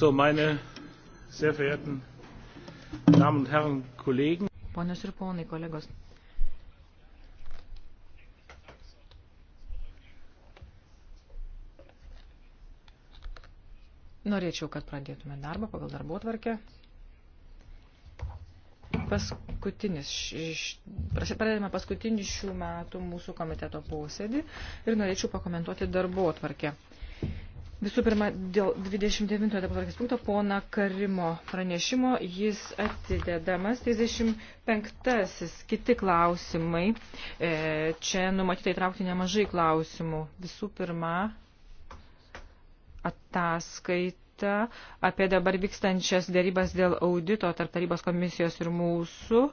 So, meine sehr verehrten Damen und Herren Kollegen. Ponios ir ponai, kolegos. Norėčiau, kad pradėtume darbą pagal darbo tvarkę. Paskutinis, pradedame paskutinį šių metų mūsų komiteto posėdį ir norėčiau pakomentuoti darbo tvarkę. Visų pirma, dėl 29 dabartės punkto pona Karimo pranešimo jis atidedamas 35. Kiti klausimai. E, čia numatyta įtraukti nemažai klausimų. Visų pirma, ataskaita apie dabar vykstančias dėrybas dėl audito tarp tarybos komisijos ir mūsų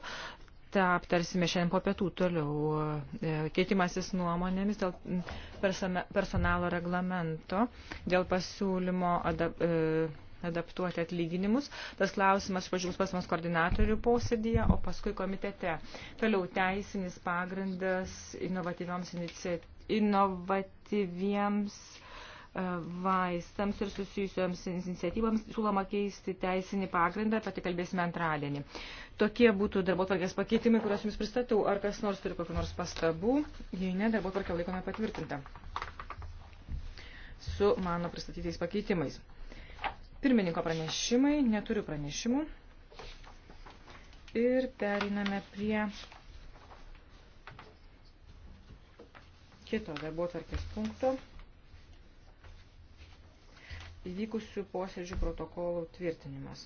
tą aptarsime šiandien po pietų toliau e, keitimasis nuomonėmis dėl personalo reglamento, dėl pasiūlymo adap, e, adaptuoti atlyginimus. Tas klausimas pažiūrės pas mus koordinatorių posėdėje, o paskui komitete. Toliau teisinis pagrindas inovatyvioms inicia, inovatyviems vaistams ir susijusioms iniciatyvams siūloma keisti teisinį pagrindą, apie tai kalbėsime antradienį. Tokie būtų darbotvarkės pakeitimai, kuriuos jums pristatau. Ar kas nors turi kokių nors pastabų? Jei ne, darbotvarkė laikome patvirtinta su mano pristatytais pakeitimais. Pirmininko pranešimai, neturiu pranešimų. Ir periname prie kito darbotvarkės punkto įvykusių posėdžių protokolų tvirtinimas.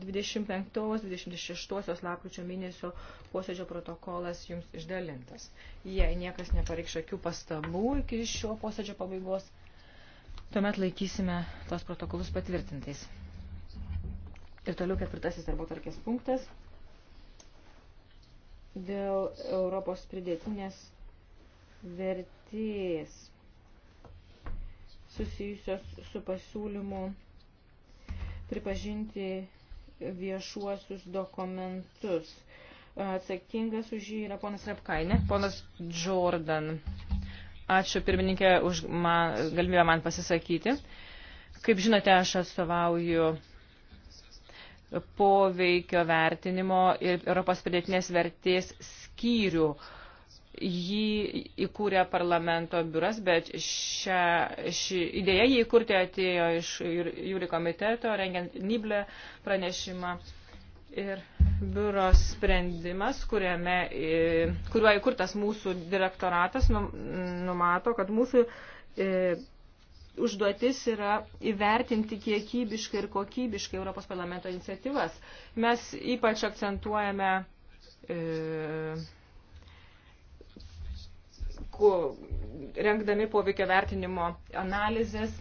25-26 lapkričio mėnesio posėdžio protokolas jums išdalintas. Jei niekas nepareikš akių pastabų iki šio posėdžio pabaigos, tuomet laikysime tos protokolus patvirtintais. Ir toliau ketvirtasis darbo tarkės punktas dėl Europos pridėtinės vertės susijusios su pasiūlymu pripažinti viešuosius dokumentus. Atsakingas už jį yra ponas Repkainė, ponas Jordan. Ačiū pirmininkė už man, galimybę man pasisakyti. Kaip žinote, aš atstovauju poveikio vertinimo ir Europos pridėtinės vertės skyrių uh, jį įkūrė parlamento biuras, bet šią, ši idėja jį įkurti atėjo iš jūri komiteto, rengiant Niblę pranešimą. Ir biuro sprendimas, kuriame, kuriuo įkurtas mūsų direktoratas, numato, kad mūsų e, užduotis yra įvertinti kiekybiškai ir kokybiškai Europos parlamento iniciatyvas. Mes ypač akcentuojame e, rengdami poveikio vertinimo analizės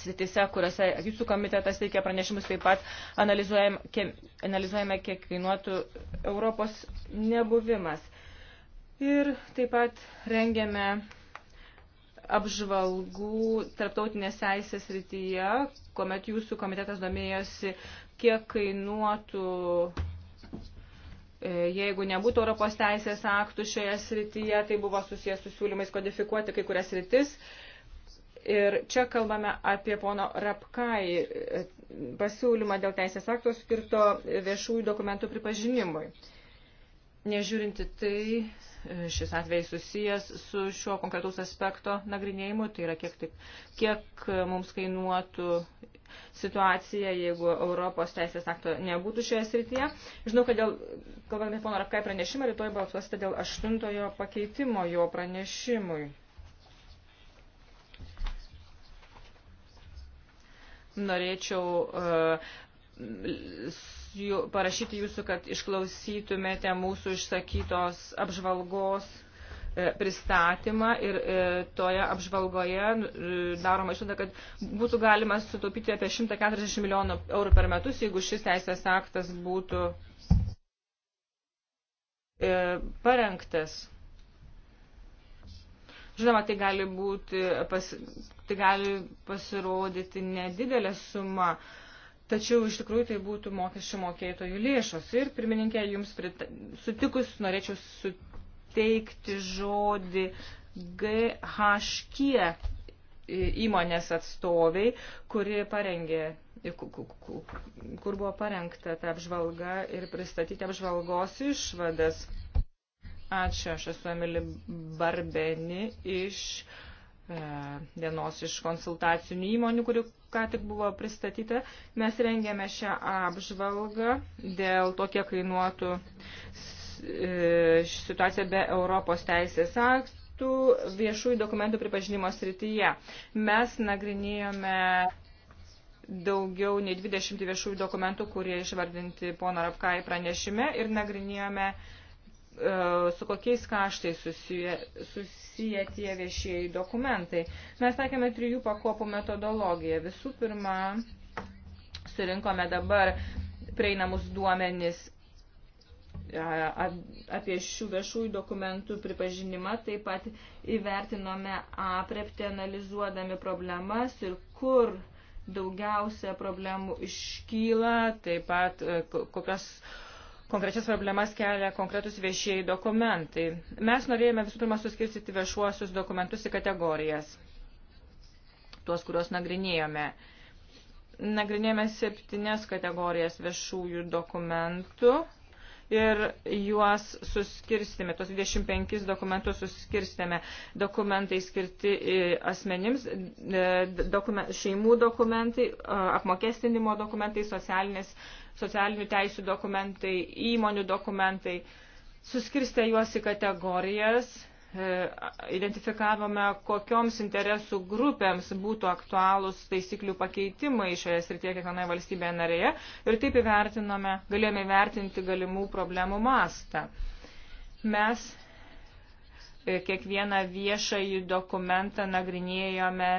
sritise, kuriuose jūsų komitetas teikia pranešimus, taip pat analizuojame, kiek, analizuojame, kiek kainuotų Europos nebuvimas. Ir taip pat rengiame apžvalgų tarptautinės teisės srityje, kuomet jūsų komitetas domėjosi, kiek kainuotų E, jeigu nebūtų Europos teisės aktų šioje srityje, tai buvo susijęs su siūlymais kodifikuoti kai kurias sritis. Ir čia kalbame apie pono Rapkai e, pasiūlymą dėl teisės akto skirto viešųjų dokumentų pripažinimui. Nežiūrinti tai, e, šis atvejs susijęs su šiuo konkretaus aspekto nagrinėjimu, tai yra kiek, taip, kiek e, mums kainuotų situacija, jeigu Europos teisės akto nebūtų šioje srityje. Žinau, kad dėl, kalbant apie pono Rapkai pranešimą, rytoj balsuosite dėl aštuntojo pakeitimo jo pranešimui. Norėčiau uh, jų, parašyti jūsų, kad išklausytumėte mūsų išsakytos apžvalgos e, pristatymą ir e, toje apžvalgoje e, daroma išvada, kad būtų galima sutaupyti apie 140 milijonų eurų per metus, jeigu šis teisės aktas būtų parengtas. Žinoma, tai gali, būti, pas, tai gali pasirodyti nedidelė suma, Tačiau iš tikrųjų tai būtų mokesčių mokėtojų lėšos. Ir pirmininkė, jums prita... sutikus norėčiau suteikti žodį GHK įmonės atstoviai, kuri parengė kur buvo parengta ta apžvalga ir pristatyti apžvalgos išvadas. Ačiū, aš esu Emily Barbeni iš e, vienos iš konsultacinių įmonių, kuri ką tik buvo pristatyta, mes rengėme šią apžvalgą dėl to, kiek kainuotų e, situacija be Europos teisės aktų viešųjų dokumentų pripažinimo srityje. Mes nagrinėjome daugiau nei 20 viešųjų dokumentų, kurie išvardinti pono Rapkai pranešime ir nagrinėjome uh, E, su kokiais kaštais susiję, susiję tie viešieji dokumentai. Mes sakėme trijų pakopų metodologiją. Visų pirma, surinkome dabar prieinamus duomenis e, apie šių viešųjų dokumentų pripažinimą, taip pat įvertinome aprepti, analizuodami problemas ir kur daugiausia problemų iškyla, taip pat e, kokios konkrečias problemas kelia konkretus viešieji dokumentai. Mes norėjome visų pirma suskirstyti viešuosius dokumentus į kategorijas, tuos, kuriuos nagrinėjome. Nagrinėjome septynes kategorijas viešųjų dokumentų ir juos suskirstėme, tos 25 dokumentus suskirstėme. Dokumentai skirti e, asmenims, e, dokumen, šeimų dokumentai, e, apmokestinimo dokumentai, socialinės socialinių teisų dokumentai, įmonių dokumentai. Suskirstę juos į kategorijas, e, identifikavome, kokioms interesų grupėms būtų aktualūs taisyklių pakeitimai šioje srityje kiekvienoje valstybėje narėje ir taip įvertinome, galėjome įvertinti galimų problemų mastą. Mes e, kiekvieną viešąjį dokumentą nagrinėjome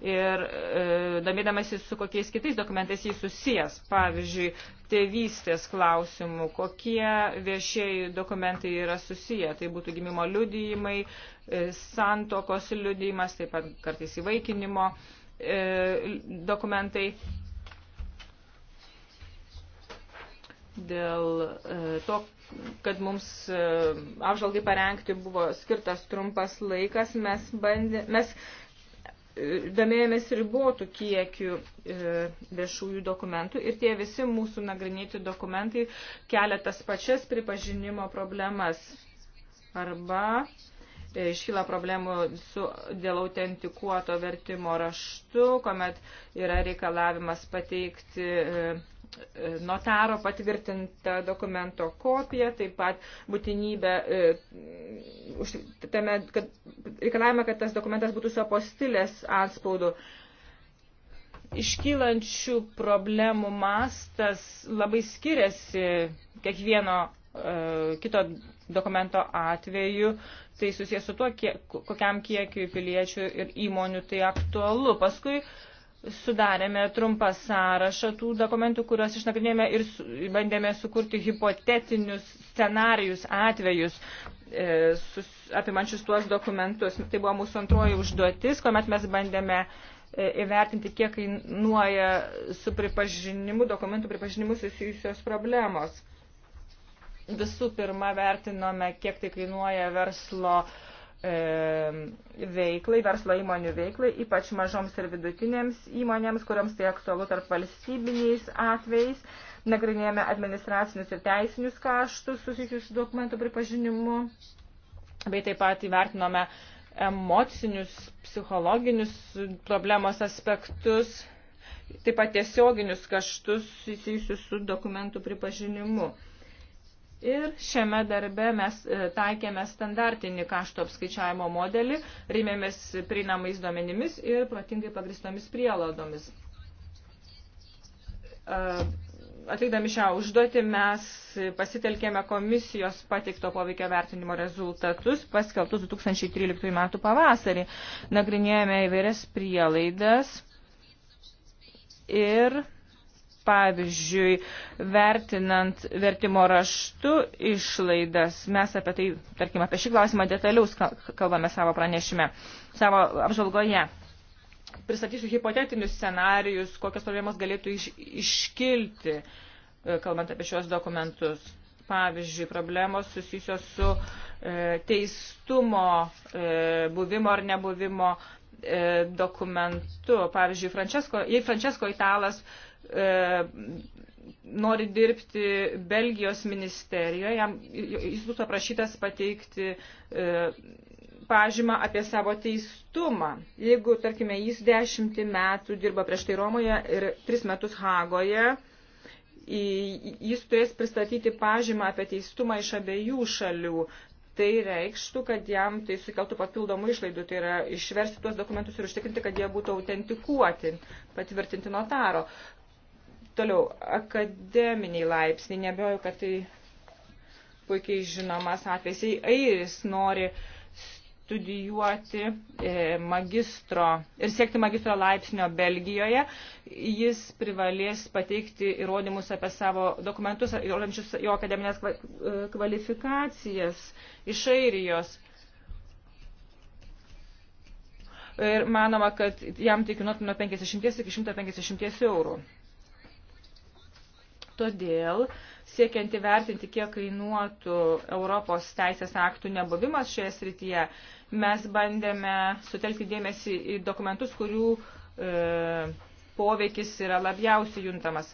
ir e, domėdamasis su kokiais kitais dokumentais jis susijęs, pavyzdžiui, tėvystės klausimų, kokie viešieji dokumentai yra susiję, tai būtų gimimo liudijimai, e, santokos liudijimas, taip pat kartais įvaikinimo e, dokumentai. Dėl e, to, kad mums e, apžvalgai parengti buvo skirtas trumpas laikas, mes, bandė, mes domėjomės ribotų kiekių e, viešųjų dokumentų ir tie visi mūsų nagrinėti dokumentai kelia tas pačias pripažinimo problemas arba e, iškyla problemų su, dėl autentikuoto vertimo raštu, kuomet yra reikalavimas pateikti e, notaro patvirtintą dokumento kopiją, taip pat būtinybę, e, tame, kad reikalavimą, kad tas dokumentas būtų su apostilės atspaudu. Iškylančių problemų mastas labai skiriasi kiekvieno e, kito dokumento atveju, tai susijęs su tuo, kiek, kokiam kiekiu piliečių ir įmonių tai aktualu. Paskui uh, sudarėme trumpą sąrašą tų dokumentų, kuriuos išnagrinėjome ir su, bandėme sukurti hipotetinius scenarius, atvejus e, sus, apimančius tuos dokumentus. Tai buvo mūsų antroji užduotis, kuomet mes bandėme e, įvertinti, kiek kainuoja su pripažinimu, dokumentų pripažinimu susijusios problemos. Visų pirma, vertinome, kiek tai kainuoja verslo uh, E, veiklai, verslo įmonių veiklai, ypač mažoms ir vidutinėms įmonėms, kuriams tai aktualu tarp valstybiniais atvejais. Nagrinėjame administracinius ir teisinius kaštus susijusius su dokumentų pripažinimu, bei taip pat įvertinome emocinius, psichologinius problemos aspektus, taip pat tiesioginius kaštus susijusius su dokumentų pripažinimu. Ir šiame darbe mes e, taikėme standartinį kaštų apskaičiavimo modelį, rėmėmės prieinamais duomenimis ir protingai pagristomis prielaidomis. E, atlikdami šią užduotį mes pasitelkėme komisijos pateikto poveikio vertinimo rezultatus, paskelbtus 2013 m. pavasarį. Nagrinėjome įvairias prielaidas ir Pavyzdžiui, vertinant vertimo raštu išlaidas, mes apie tai, tarkim, apie šį klausimą detaliaus kalbame savo pranešime, savo apžvalgoje. Pristatysiu hipotetinius scenarius, kokios problemos galėtų iš, iškilti, e, kalbant apie šios dokumentus pavyzdžiui, problemos susijusios su e, teistumo e, buvimo ar nebuvimo e, dokumentu. Pavyzdžiui, Francesco, jei Francesco Italas E, nori dirbti Belgijos ministerijoje, jam, jis bus aprašytas pateikti e, pažymą apie savo teistumą. Jeigu, tarkime, jis dešimtį metų dirba prieš tai Romoje ir tris metus Hagoje, jis turės pristatyti pažymą apie teistumą iš abiejų šalių. Tai reikštų, kad jam tai sukeltų papildomų išlaidų, tai yra išversti tuos dokumentus ir užtikrinti, kad jie būtų autentikuoti, patvirtinti notaro. Toliau, akademiniai laipsniai, nebejoju, kad tai puikiai žinomas atvejs. Airis nori studijuoti e, magistro ir siekti magistro laipsnio Belgijoje. Jis privalės pateikti įrodymus apie savo dokumentus, įrodančius jo akademinės e, kvalifikacijas iš Airijos. Ir manoma, kad jam teikinuotų nuo 50 iki 150 eurų. Todėl, siekiant įvertinti, kiek kainuotų Europos teisės aktų nebuvimas šioje srityje, mes bandėme sutelkti dėmesį į dokumentus, kurių e, poveikis yra labiausiai juntamas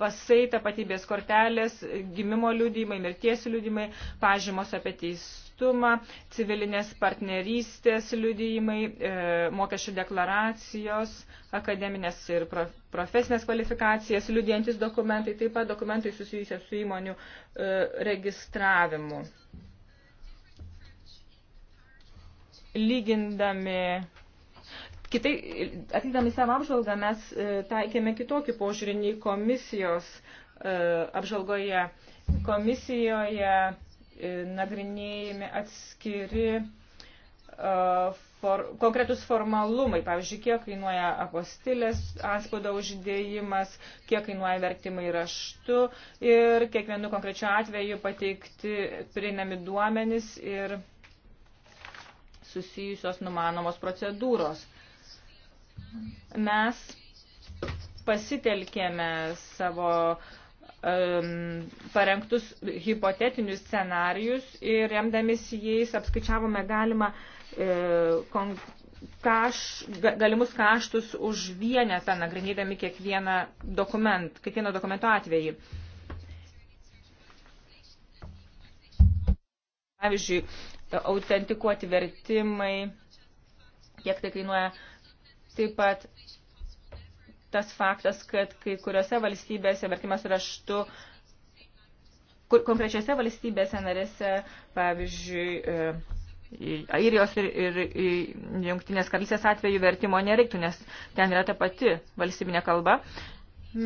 pasai, tapatybės kortelės, gimimo liudymai, mirties liudymai, pažymos apie teistumą, civilinės partnerystės liudymai, e, mokesčių deklaracijos, akademinės ir profesinės kvalifikacijas, liudijantis dokumentai, taip pat dokumentai susijusia su įmonių e, registravimu. Lygindami Kitai, atlikdami savo apžvalgą, mes e, taikėme kitokį požiūrį nei komisijos e, apžvalgoje. Komisijoje e, nagrinėjami atskiri for, konkretus formalumai, pavyzdžiui, kiek kainuoja apostilės atspaudo uždėjimas, kiek kainuoja vertimai raštu ir kiekvienu konkrečiu atveju pateikti prieinami duomenys ir susijusios numanomos procedūros mes pasitelkėme savo um, parengtus hipotetinius scenarius ir remdamis jais apskaičiavome galima um, e, kaš, galimus kaštus už vienetą, nagrinėdami kiekvieną dokument, kiekvieno dokumento atvejį. Pavyzdžiui, autentikuoti vertimai, kiek tai kainuoja Taip pat tas faktas, kad kai kuriuose valstybėse vertimas raštu kur konkrečiose valstybėse narėse, pavyzdžiui, e, Airijos ir, ir, ir Jungtinės karalystės atveju vertimo nereiktų, nes ten yra ta pati valstybinė kalba.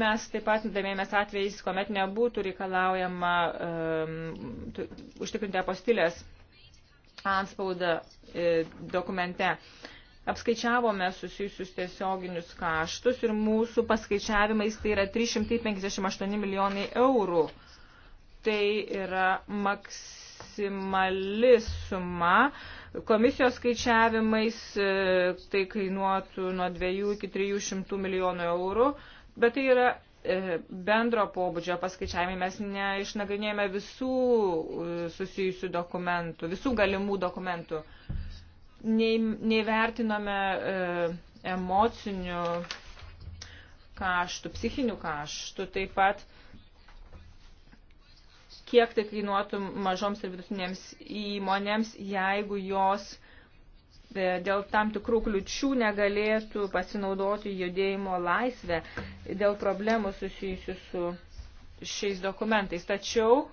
Mes taip pat domėjomės atvejais, kuomet nebūtų reikalaujama um, užtikrinti apostilės anspaudą e, dokumente. E, apskaičiavome susijusius tiesioginius kaštus ir mūsų paskaičiavimais tai yra 358 milijonai eurų. Tai yra maksimali suma. Komisijos skaičiavimais e, tai kainuotų nuo 2 iki 300 milijonų eurų, bet tai yra e, bendro pobūdžio paskaičiavimai. Mes neišnagrinėjame visų e, susijusių dokumentų, visų galimų dokumentų nei, neįvertinome e, emocinių kaštų, psichinių kaštų, taip pat kiek tai kainuotų mažoms ir vidutinėms įmonėms, jeigu jos e, dėl tam tikrų kliučių negalėtų pasinaudoti judėjimo laisvę dėl problemų susijusių su šiais dokumentais. Tačiau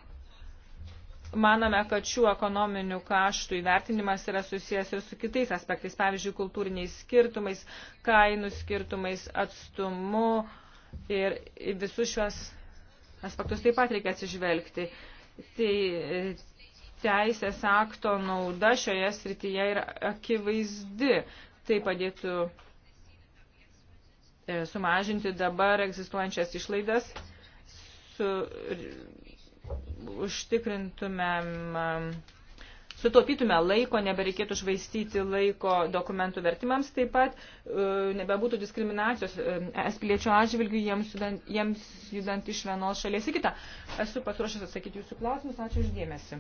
Manome, kad šių ekonominių kaštų įvertinimas yra susijęs ir su kitais aspektais, pavyzdžiui, kultūriniais skirtumais, kainų skirtumais, atstumu ir visus šios aspektus taip pat reikia atsižvelgti. Tai e, teisės akto nauda šioje srityje yra akivaizdi. Tai padėtų e, sumažinti dabar egzistuojančias išlaidas su užtikrintumėm, um, sutaupytume laiko, nebereikėtų švaistyti laiko dokumentų vertimams, taip pat uh, nebebūtų diskriminacijos um, es piliečio atžvilgių jiems judant, jiems judant iš vienos šalies į kitą. Esu pasiruošęs atsakyti jūsų klausimus, ačiū uždėmesi.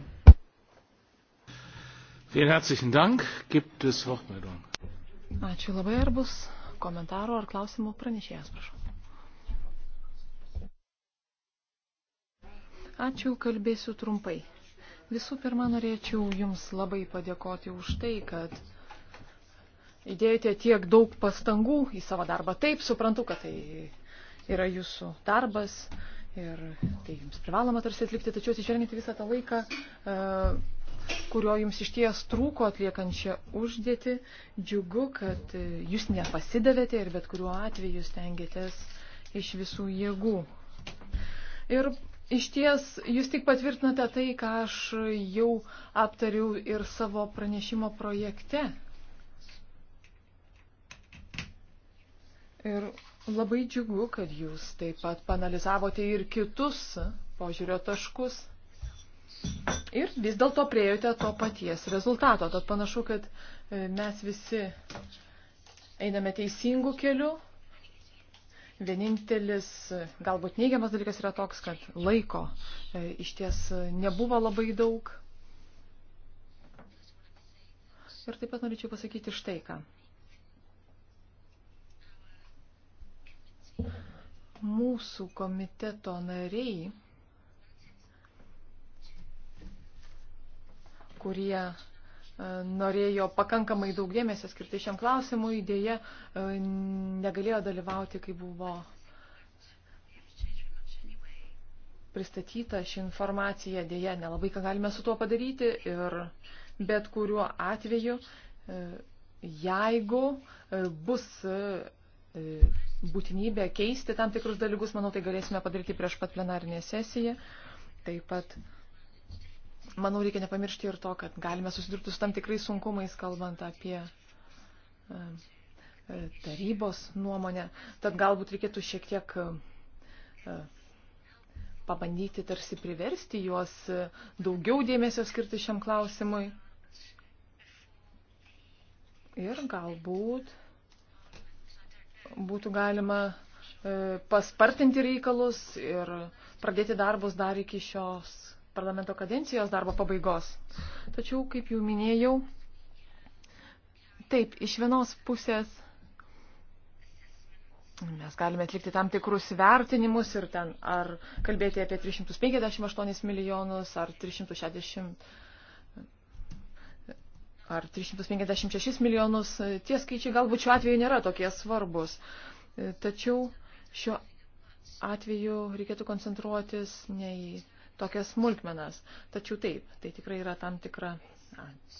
Vielen herzlichen Dank. Gibt es Wortmeldungen? Ačiū labai. Ar bus komentarų ar klausimų pranešėjas, prašau. Ačiū, kalbėsiu trumpai. Visų pirma, norėčiau Jums labai padėkoti už tai, kad įdėjote tiek daug pastangų į savo darbą. Taip, suprantu, kad tai yra Jūsų darbas ir tai Jums privaloma tarsi atlikti, tačiau atsižvelgiant visą tą laiką, e, kurio Jums iš ties trūko atliekant šią uždėtį, džiugu, kad Jūs nepasidavėte ir bet kuriuo atveju stengiatės iš visų jėgų. Ir Iš ties, jūs tik patvirtinate tai, ką aš jau aptariau ir savo pranešimo projekte. Ir labai džiugu, kad jūs taip pat panalizavote ir kitus požiūrio taškus. Ir vis dėlto priejote to paties rezultato. Tad panašu, kad e, mes visi einame teisingų kelių Vienintelis galbūt neigiamas dalykas yra toks, kad laiko e, iš ties nebuvo labai daug. Ir taip pat norėčiau pasakyti štai ką. Mūsų komiteto nariai, kurie E, norėjo pakankamai daug dėmesio skirti šiam klausimui, dėje e, negalėjo dalyvauti, kai buvo pristatyta ši informacija, dėje nelabai ką galime su tuo padaryti ir bet kuriuo atveju, e, jeigu bus būtinybė keisti tam tikrus dalykus, manau, tai galėsime padaryti prieš pat plenarinę sesiją. Taip pat uh, manau, reikia nepamiršti ir to, kad galime susidurti su tam tikrais sunkumais, kalbant apie e, e, tarybos nuomonę. Tad galbūt reikėtų šiek tiek e, pabandyti tarsi priversti juos daugiau dėmesio skirti šiam klausimui. Ir galbūt būtų galima paspartinti reikalus ir pradėti darbus dar iki šios parlamento kadencijos darbo pabaigos. Tačiau, kaip jau minėjau, taip, iš vienos pusės mes galime atlikti tam tikrus vertinimus ir ten ar kalbėti apie 358 milijonus, ar 360 ar 356 milijonus, tie skaičiai galbūt šiuo atveju nėra tokie svarbus. Tačiau šiuo atveju reikėtų koncentruotis ne į tokias smulkmenas. Tačiau taip, tai tikrai yra tam tikra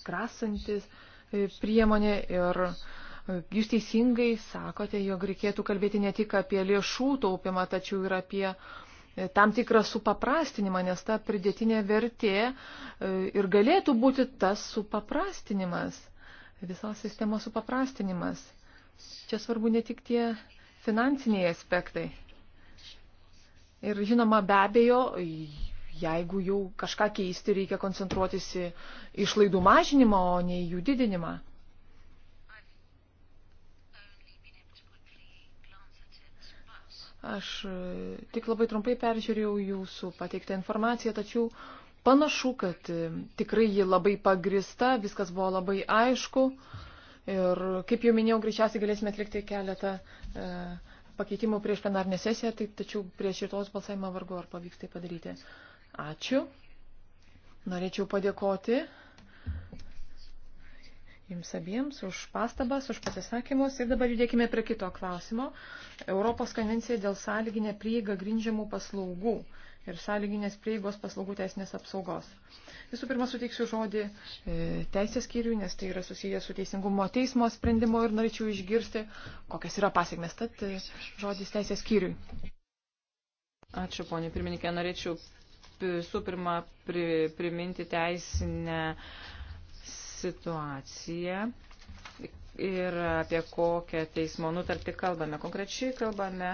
grasantis e, priemonė ir e, jūs teisingai sakote, jog reikėtų kalbėti ne tik apie lėšų taupimą, tačiau ir apie e, tam tikrą supaprastinimą, nes ta pridėtinė vertė ir galėtų būti tas supaprastinimas, visos sistemos supaprastinimas. Čia svarbu ne tik tie finansiniai aspektai. Ir žinoma, be abejo, jeigu jau kažką keisti, reikia koncentruotis į išlaidų mažinimą, o ne į jų didinimą. Aš e, tik labai trumpai peržiūrėjau jūsų pateiktą informaciją, tačiau panašu, kad e, tikrai ji labai pagrista, viskas buvo labai aišku. Ir kaip jau minėjau, greičiausiai galėsime atlikti keletą e, pakeitimų prieš plenarinę sesiją, tai, tačiau prieš šitos balsavimą vargu ar pavyks tai padaryti. E, Ačiū. Norėčiau padėkoti Jums abiems už pastabas, už pasisakymus. Ir dabar judėkime prie kito klausimo. Europos konvencija dėl sąlyginę prieigą grindžiamų paslaugų ir sąlyginės prieigos paslaugų teisinės apsaugos. Visų pirma, suteiksiu žodį e, teisės skyriui, nes tai yra susijęs su teisingumo teismo sprendimu ir norėčiau išgirsti, kokias yra pasiekmes. Tad e, žodis teisės skyriui. Ačiū, ponė pirmininkė. Norėčiau visų pirma pri, priminti teisinę situaciją ir apie kokią teismo nutartį kalbame. Konkrečiai kalbame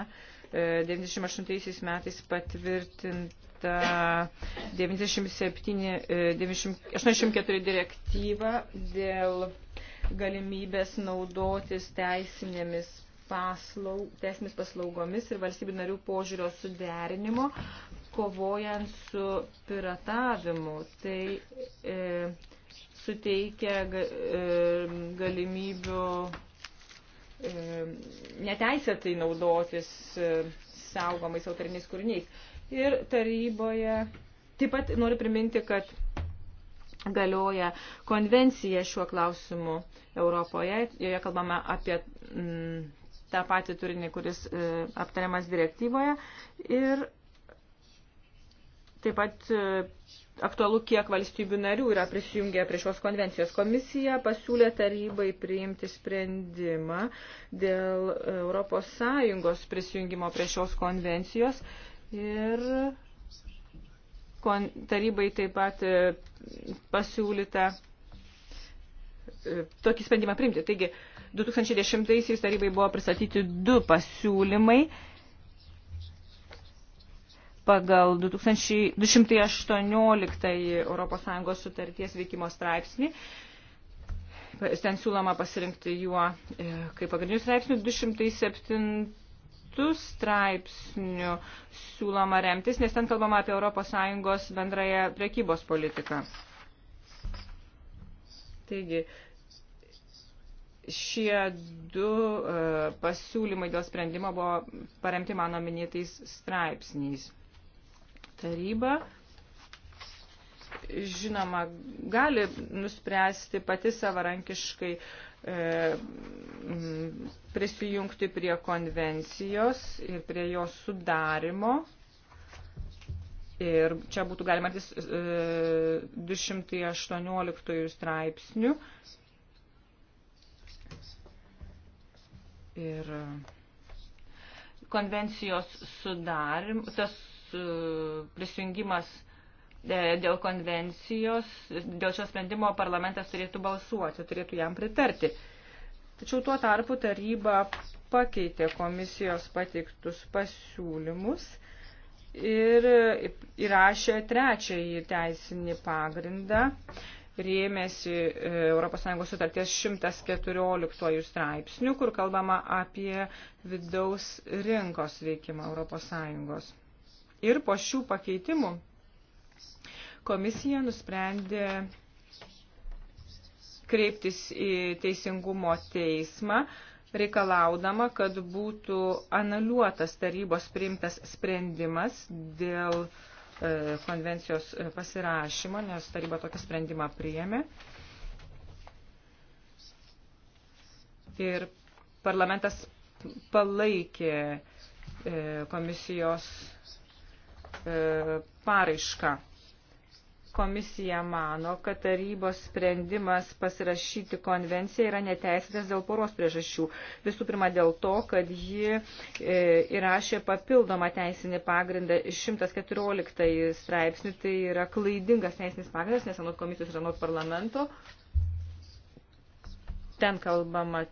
98 e, metais patvirtintą 94 direktyvą dėl galimybės naudotis teisinėmis paslaug, teisinėmis paslaugomis ir valstybių narių požiūrio suderinimo, kovojant su piratavimu. Tai e, suteikia e, galimybių e, neteisėtai naudotis e, saugomais autoriniais kūriniais. Ir taryboje taip pat noriu priminti, kad galioja konvencija šiuo klausimu Europoje. Joje kalbame apie m, mm, tą patį turinį, kuris e, aptariamas direktyvoje. Ir Taip pat e, aktualu, kiek valstybių narių yra prisijungę prie šios konvencijos. Komisija pasiūlė tarybai priimti sprendimą dėl ES prisijungimo prie šios konvencijos ir kon tarybai taip pat e, pasiūlyta e, tokį sprendimą priimti. Taigi, 2010-aisiais tarybai buvo pristatyti du pasiūlymai pagal 218 ES sutarties veikimo straipsnį. Ten siūloma pasirinkti juo e, kaip pagrindinių straipsnių 207 straipsnių siūloma remtis, nes ten kalbama apie ES bendrąją prekybos politiką. Taigi, šie du e, pasiūlymai dėl sprendimo buvo paremti mano minėtais straipsniais taryba, žinoma, gali nuspręsti pati savarankiškai e, prisijungti prie konvencijos ir prie jos sudarimo. Ir čia būtų galima tis, e, 218 straipsnių. Ir e, konvencijos sudarim, tas E, prisijungimas e, dėl konvencijos, dėl šio sprendimo parlamentas turėtų balsuoti, turėtų jam pritarti. Tačiau tuo tarpu taryba pakeitė komisijos pateiktus pasiūlymus ir įrašė trečiąjį teisinį pagrindą, rėmėsi ES sutarties 114 straipsnių, kur kalbama apie vidaus rinkos veikimą ES. Ir po šių pakeitimų komisija nusprendė kreiptis į Teisingumo teismą, reikalaudama, kad būtų anuliuotas tarybos priimtas sprendimas dėl e, konvencijos e, pasirašymo, nes taryba tokį sprendimą priėmė. Ir parlamentas palaikė e, komisijos E, paraišką. Komisija mano, kad tarybos sprendimas pasirašyti konvenciją yra neteisėtas dėl poros priežasčių. Visų pirma, dėl to, kad ji e, įrašė papildomą teisinį pagrindą 114 straipsnį, tai yra klaidingas teisinis pagrindas, nes anot komisijos ir anot parlamento. Ten kalbama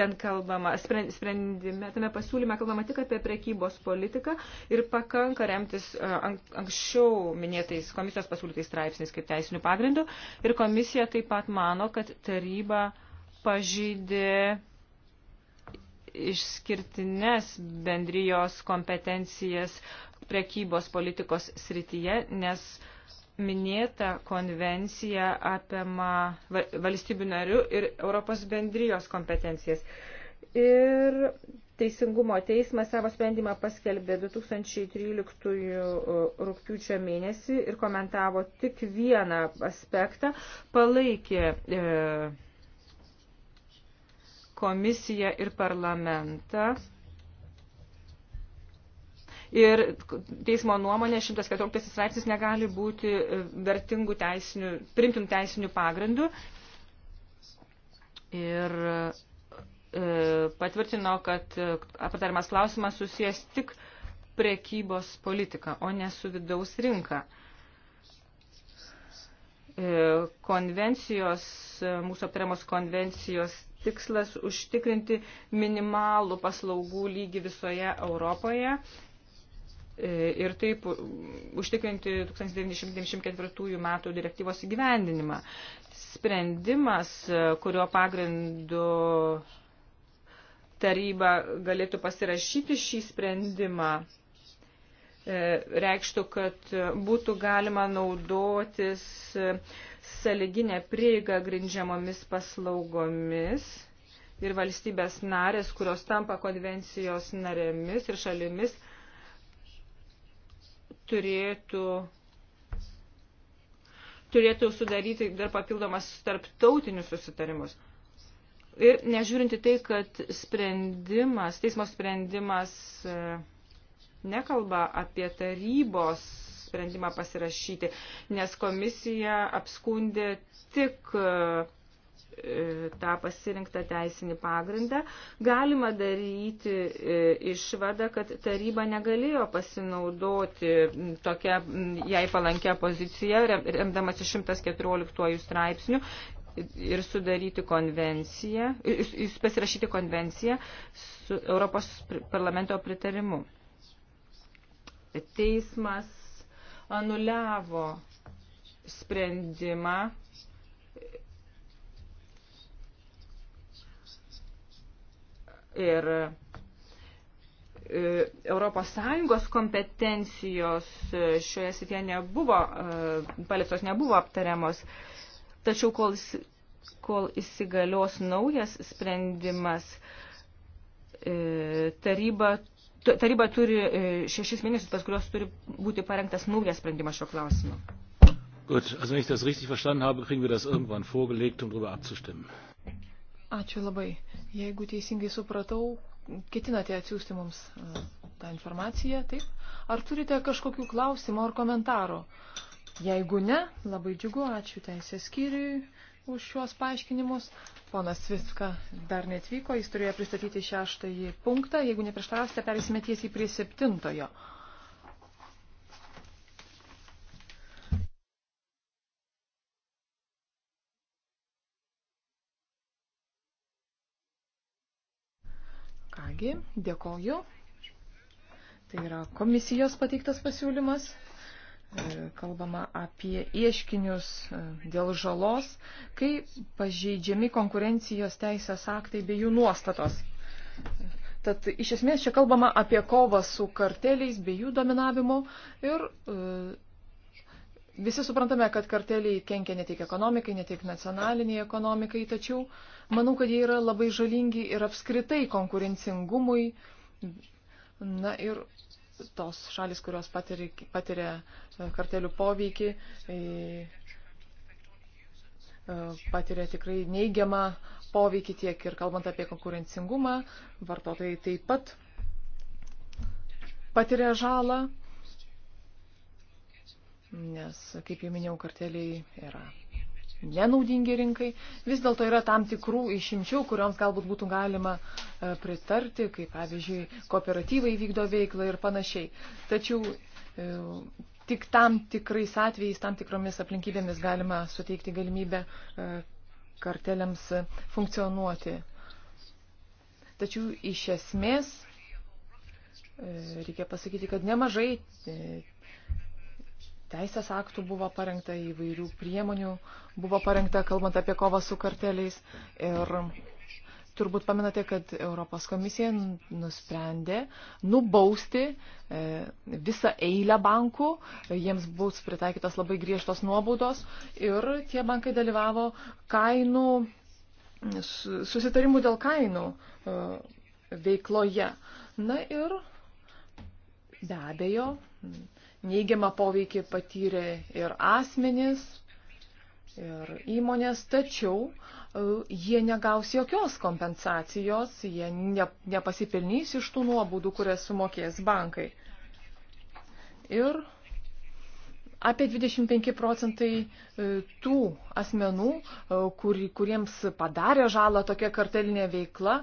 ten kalbama, sprendime, tame pasiūlyme kalbama tik apie prekybos politiką ir pakanka remtis e, anksčiau minėtais komisijos pasiūlytais straipsniais kaip teisinių pagrindų. Ir komisija taip pat mano, kad taryba pažydė išskirtines bendrijos kompetencijas prekybos politikos srityje, nes minėta konvencija apima valstybių narių ir Europos bendrijos kompetencijas. Ir Teisingumo teismas savo sprendimą paskelbė 2013 rūpiučio mėnesį ir komentavo tik vieną aspektą, palaikė e, komisiją ir parlamentą ir teismo nuomonė 114 straipsnis negali būti e, vertingų teisinių, primtinų teisinių pagrindų. Ir e, patvirtino, kad e, aptariamas klausimas susijęs tik prekybos politika, o ne su vidaus rinka e, konvencijos, mūsų aptariamos konvencijos tikslas užtikrinti minimalų paslaugų lygį visoje Europoje E, ir taip užtikrinti 1994 metų direktyvos įgyvendinimą. Sprendimas, e, kurio pagrindu taryba galėtų pasirašyti šį sprendimą, e, reikštų, kad būtų galima naudotis saliginę prieigą grindžiamomis paslaugomis ir valstybės narės, kurios tampa konvencijos narėmis ir šalimis, turėtų turėtų sudaryti dar papildomas tarptautinius susitarimus. Ir nežiūrinti tai, kad sprendimas, teismo sprendimas e, nekalba apie tarybos sprendimą pasirašyti, nes komisija apskundė tik e, E, tą pasirinktą teisinį pagrindą, galima daryti e, išvadą, kad taryba negalėjo pasinaudoti tokia jai palankia pozicija, remdamas 114 straipsnių ir sudaryti konvenciją, jis pasirašyti konvenciją su Europos parlamento pritarimu. Teismas anuliavo sprendimą ir ES kompetencijos e, šioje srityje nebuvo, e, paliktos nebuvo aptariamos. Tačiau kol, kol įsigalios naujas sprendimas, e, taryba, taryba turi šešis mėnesius, pas kurios turi būti parengtas naujas sprendimas šio klausimu. Gut, also wenn ich das richtig verstanden habe, kriegen wir das irgendwann vorgelegt, um darüber abzustimmen. Ačiū labai. Jeigu teisingai supratau, ketinate atsiųsti mums e, tą informaciją, taip? Ar turite kažkokių klausimų ar komentarų? Jeigu ne, labai džiugu, ačiū teisės skyriui už šiuos paaiškinimus. Ponas Viska dar netvyko, jis turėjo pristatyti šeštąjį punktą. Jeigu neprieštarausite, perėsime tiesiai prie septintojo. Kągi, dėkoju. Tai yra komisijos pateiktas pasiūlymas. E, kalbama apie ieškinius e, dėl žalos, kai pažeidžiami konkurencijos teisės aktai bei jų nuostatos. Tad iš esmės čia kalbama apie kovą su karteliais bei jų dominavimu ir e, Visi suprantame, kad karteliai kenkia ne tik ekonomikai, ne tik nacionaliniai ekonomikai, tačiau manau, kad jie yra labai žalingi ir apskritai konkurencingumui. Na ir tos šalis, kurios patiria, patiria e, kartelių poveikį, e, e, patiria tikrai neigiamą poveikį tiek ir kalbant apie konkurencingumą, vartotojai taip pat patiria žalą nes, kaip jau minėjau, karteliai yra nenaudingi rinkai. Vis dėlto yra tam tikrų išimčių, kurioms galbūt būtų galima e, pritarti, kaip pavyzdžiui, kooperatyvai vykdo veiklą ir panašiai. Tačiau e, tik tam tikrais atvejais, tam tikromis aplinkybėmis galima suteikti galimybę e, kartelėms funkcionuoti. Tačiau iš esmės reikia pasakyti, kad nemažai teisės aktų buvo parengta, įvairių priemonių buvo parengta, kalbant apie kovą su karteliais. Ir turbūt pamenate, kad Europos komisija nusprendė nubausti e, visą eilę bankų, jiems bus pritaikytos labai griežtos nuobaudos ir tie bankai dalyvavo kainų, susitarimų dėl kainų e, veikloje. Na ir be abejo, Neigiamą poveikį patyrė ir asmenys, ir įmonės, tačiau e, jie negaus jokios kompensacijos, jie ne, nepasipelnys iš tų nuobaudų, kurias sumokės bankai. Ir Apie 25 procentai e, tų asmenų, e, kur, kuriems padarė žalą tokia kartelinė veikla,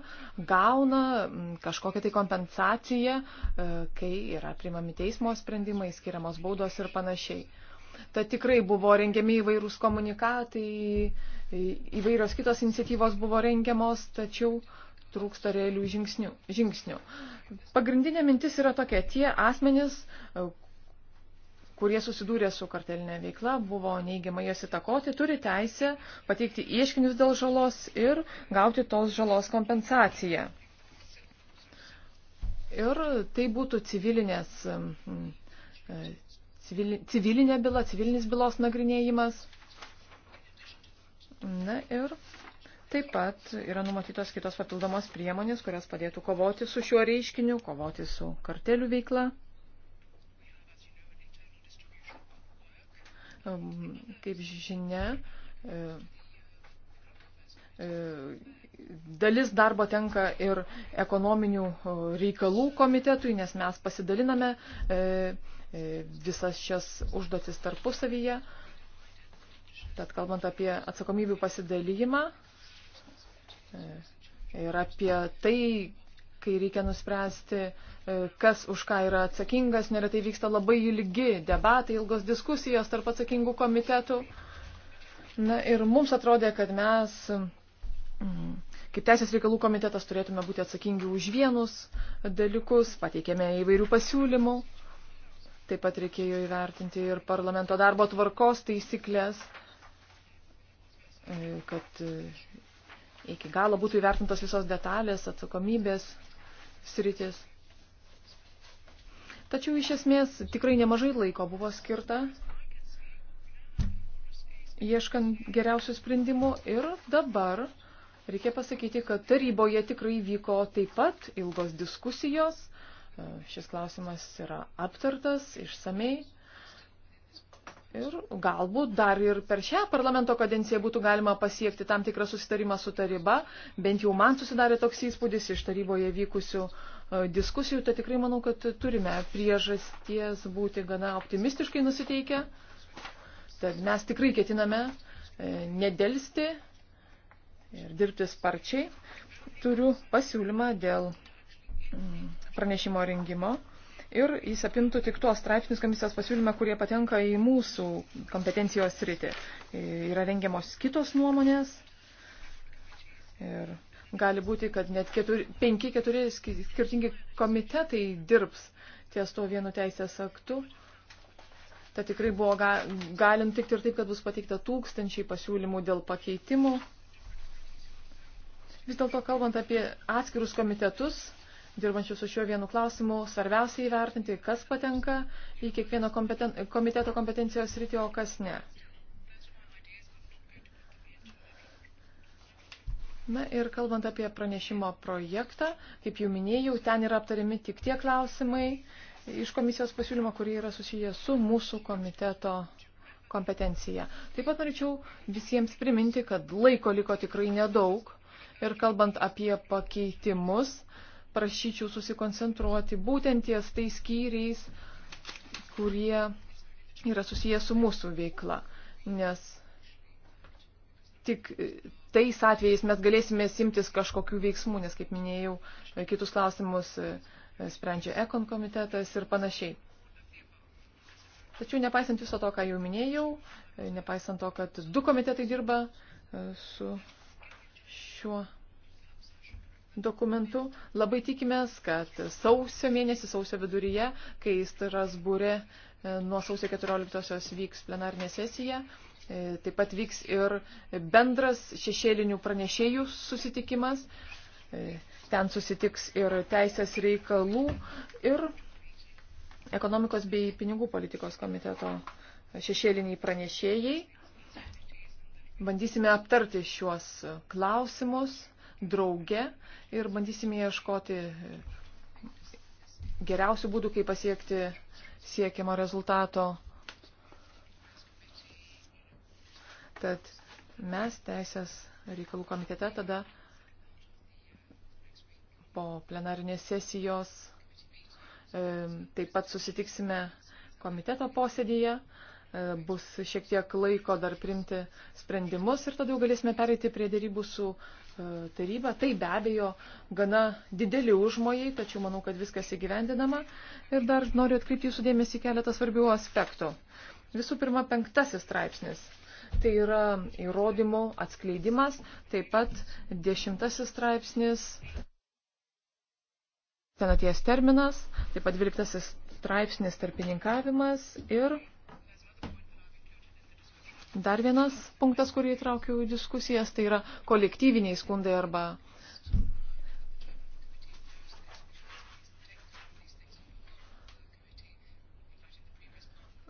gauna kažkokią tai kompensaciją, e, kai yra primami teismo sprendimai, skiriamos baudos ir panašiai. Ta tikrai buvo rengiami įvairūs komunikatai, įvairios kitos iniciatyvos buvo rengiamos, tačiau trūksta realių žingsnių. žingsnių. Pagrindinė mintis yra tokia, tie asmenys, kurie susidūrė su kartelinė veikla, buvo neigiamai jas įtakoti, turi teisę pateikti ieškinius dėl žalos ir gauti tos žalos kompensaciją. Ir tai būtų civilinės, e, civili, civilinė byla, civilinis bylos nagrinėjimas. Na ir taip pat yra numatytos kitos papildomos priemonės, kurios padėtų kovoti su šiuo reiškiniu, kovoti su kartelių veikla. Kaip žinia, e, e, dalis darbo tenka ir ekonominių reikalų komitetui, nes mes pasidaliname e, visas šias užduotis tarpusavyje. Tad kalbant apie atsakomybių pasidalijimą ir apie tai, kai reikia nuspręsti, e, kas už ką yra atsakingas, neretai vyksta labai ilgi debatai, ilgos diskusijos tarp atsakingų komitetų. Na ir mums atrodė, kad mes, mm, kaip Teisės reikalų komitetas, turėtume būti atsakingi už vienus dalykus, pateikėme įvairių pasiūlymų. Taip pat reikėjo įvertinti ir parlamento darbo tvarkos taisyklės, e, kad e, iki galo būtų įvertintos visos detalės, atsakomybės sritis. Tačiau iš esmės tikrai nemažai laiko buvo skirta ieškant geriausių sprendimų ir dabar reikia pasakyti, kad taryboje tikrai vyko taip pat ilgos diskusijos. Šis klausimas yra aptartas išsamei. Ir galbūt dar ir per šią parlamento kadenciją būtų galima pasiekti tam tikrą susitarimą su taryba. Bent jau man susidarė toks įspūdis iš taryboje vykusių e, diskusijų. Tai tikrai manau, kad turime priežasties būti gana optimistiškai nusiteikę. Tad mes tikrai ketiname e, nedelsti ir dirbti sparčiai. Turiu pasiūlymą dėl mm, pranešimo rengimo ir įsapintų tik tuos straipsnius komisijos pasiūlymą, kurie patenka į mūsų kompetencijos sritį. E, yra rengiamos kitos nuomonės ir gali būti, kad net 5-4 skirtingi komitetai dirbs ties tuo vienu teisės aktu. Ta tikrai buvo, ga, galim tikti ir taip, kad bus pateikta tūkstančiai pasiūlymų dėl pakeitimų. Vis dėlto, kalbant apie atskirus komitetus, dirbančių su šiuo vienu klausimu, svarbiausia įvertinti, kas patenka į kiekvieno kompeten komiteto kompetencijos rytį, o kas ne. Na ir kalbant apie pranešimo projektą, kaip jau minėjau, ten yra aptariami tik tie klausimai iš komisijos pasiūlymo, kurie yra susiję su mūsų komiteto kompetencija. Taip pat norėčiau visiems priminti, kad laiko liko tikrai nedaug ir kalbant apie pakeitimus, prašyčiau susikoncentruoti būtent ties tais skyriais, kurie yra susijęs su mūsų veikla. Nes tik tais atvejais mes galėsime simtis kažkokių veiksmų, nes, kaip minėjau, kitus klausimus sprendžia ekon komitetas ir panašiai. Tačiau nepaisant viso to, ką jau minėjau, nepaisant to, kad du komitetai dirba su šiuo dokumentu. Labai tikimės, kad sausio mėnesį, sausio viduryje, kai Strasbūrė e, nuo sausio 14-osios vyks plenarinė sesija, e, taip pat vyks ir bendras šešėlinių pranešėjų susitikimas. E, ten susitiks ir teisės reikalų ir ekonomikos bei pinigų politikos komiteto šešėliniai pranešėjai. Bandysime aptarti šiuos klausimus drauge ir bandysime ieškoti geriausių būdų, kaip pasiekti siekiamo rezultato. Tad mes teisės reikalų komitete tada po plenarinės sesijos e, taip pat susitiksime komiteto posėdėje e, bus šiek tiek laiko dar primti sprendimus ir tada jau galėsime pereiti prie dėrybų su E, tarybą. Tai be abejo gana dideli užmojai, tačiau manau, kad viskas įgyvendinama. Ir dar noriu atkreipti jūsų dėmesį keletą svarbių aspektų. Visų pirma, penktasis straipsnis. Tai yra įrodymų atskleidimas, taip pat dešimtasis straipsnis, senaties terminas, taip pat dvyliktasis straipsnis tarpininkavimas ir Dar vienas punktas, kurį įtraukiau į diskusijas, tai yra kolektyviniai skundai arba.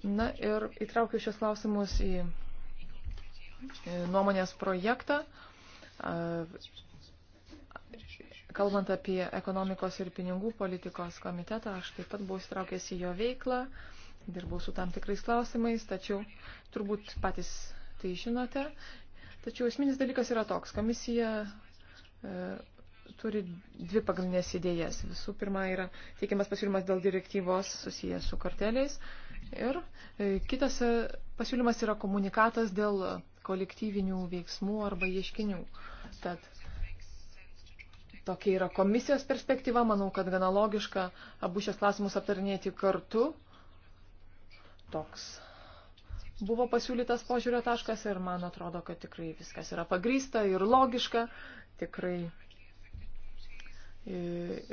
Na ir įtraukiu šios klausimus į nuomonės projektą, kalbant apie ekonomikos ir pinigų politikos komitetą, aš taip pat buvau įtraukęs į jo veiklą dirbau su tam tikrais klausimais, tačiau turbūt patys tai žinote. Tačiau esminis dalykas yra toks. Komisija e, turi dvi pagrindinės idėjas. Visų pirma yra teikiamas pasiūlymas dėl direktyvos susijęs su karteliais ir e, kitas e, pasiūlymas yra komunikatas dėl kolektyvinių veiksmų arba ieškinių. Tad tokia yra komisijos perspektyva, manau, kad gana logiška abu šios klausimus aptarinėti kartu toks buvo pasiūlytas požiūrio taškas ir man atrodo, kad tikrai viskas yra pagrysta ir logiška. Tikrai e,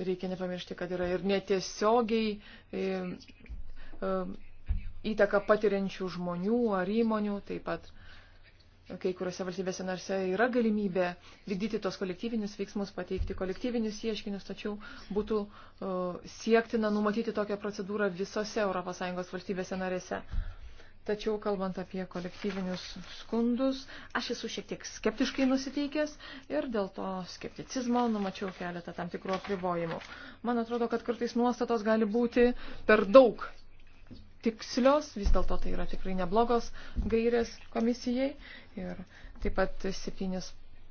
reikia nepamiršti, kad yra ir netiesiogiai e, e, įtaka patiriančių žmonių ar įmonių, taip pat kai kuriuose valstybėse narse yra galimybė vykdyti tos kolektyvinius veiksmus, pateikti kolektyvinius ieškinius, tačiau būtų uh, siektina numatyti tokią procedūrą visose ES valstybėse narėse. Tačiau kalbant apie kolektyvinius skundus, aš esu šiek tiek skeptiškai nusiteikęs ir dėl to skepticizmo numačiau keletą tam tikrų apribojimų. Man atrodo, kad kartais nuostatos gali būti per daug tikslios, vis dėlto tai yra tikrai neblogos gairės komisijai. Ir taip pat septynis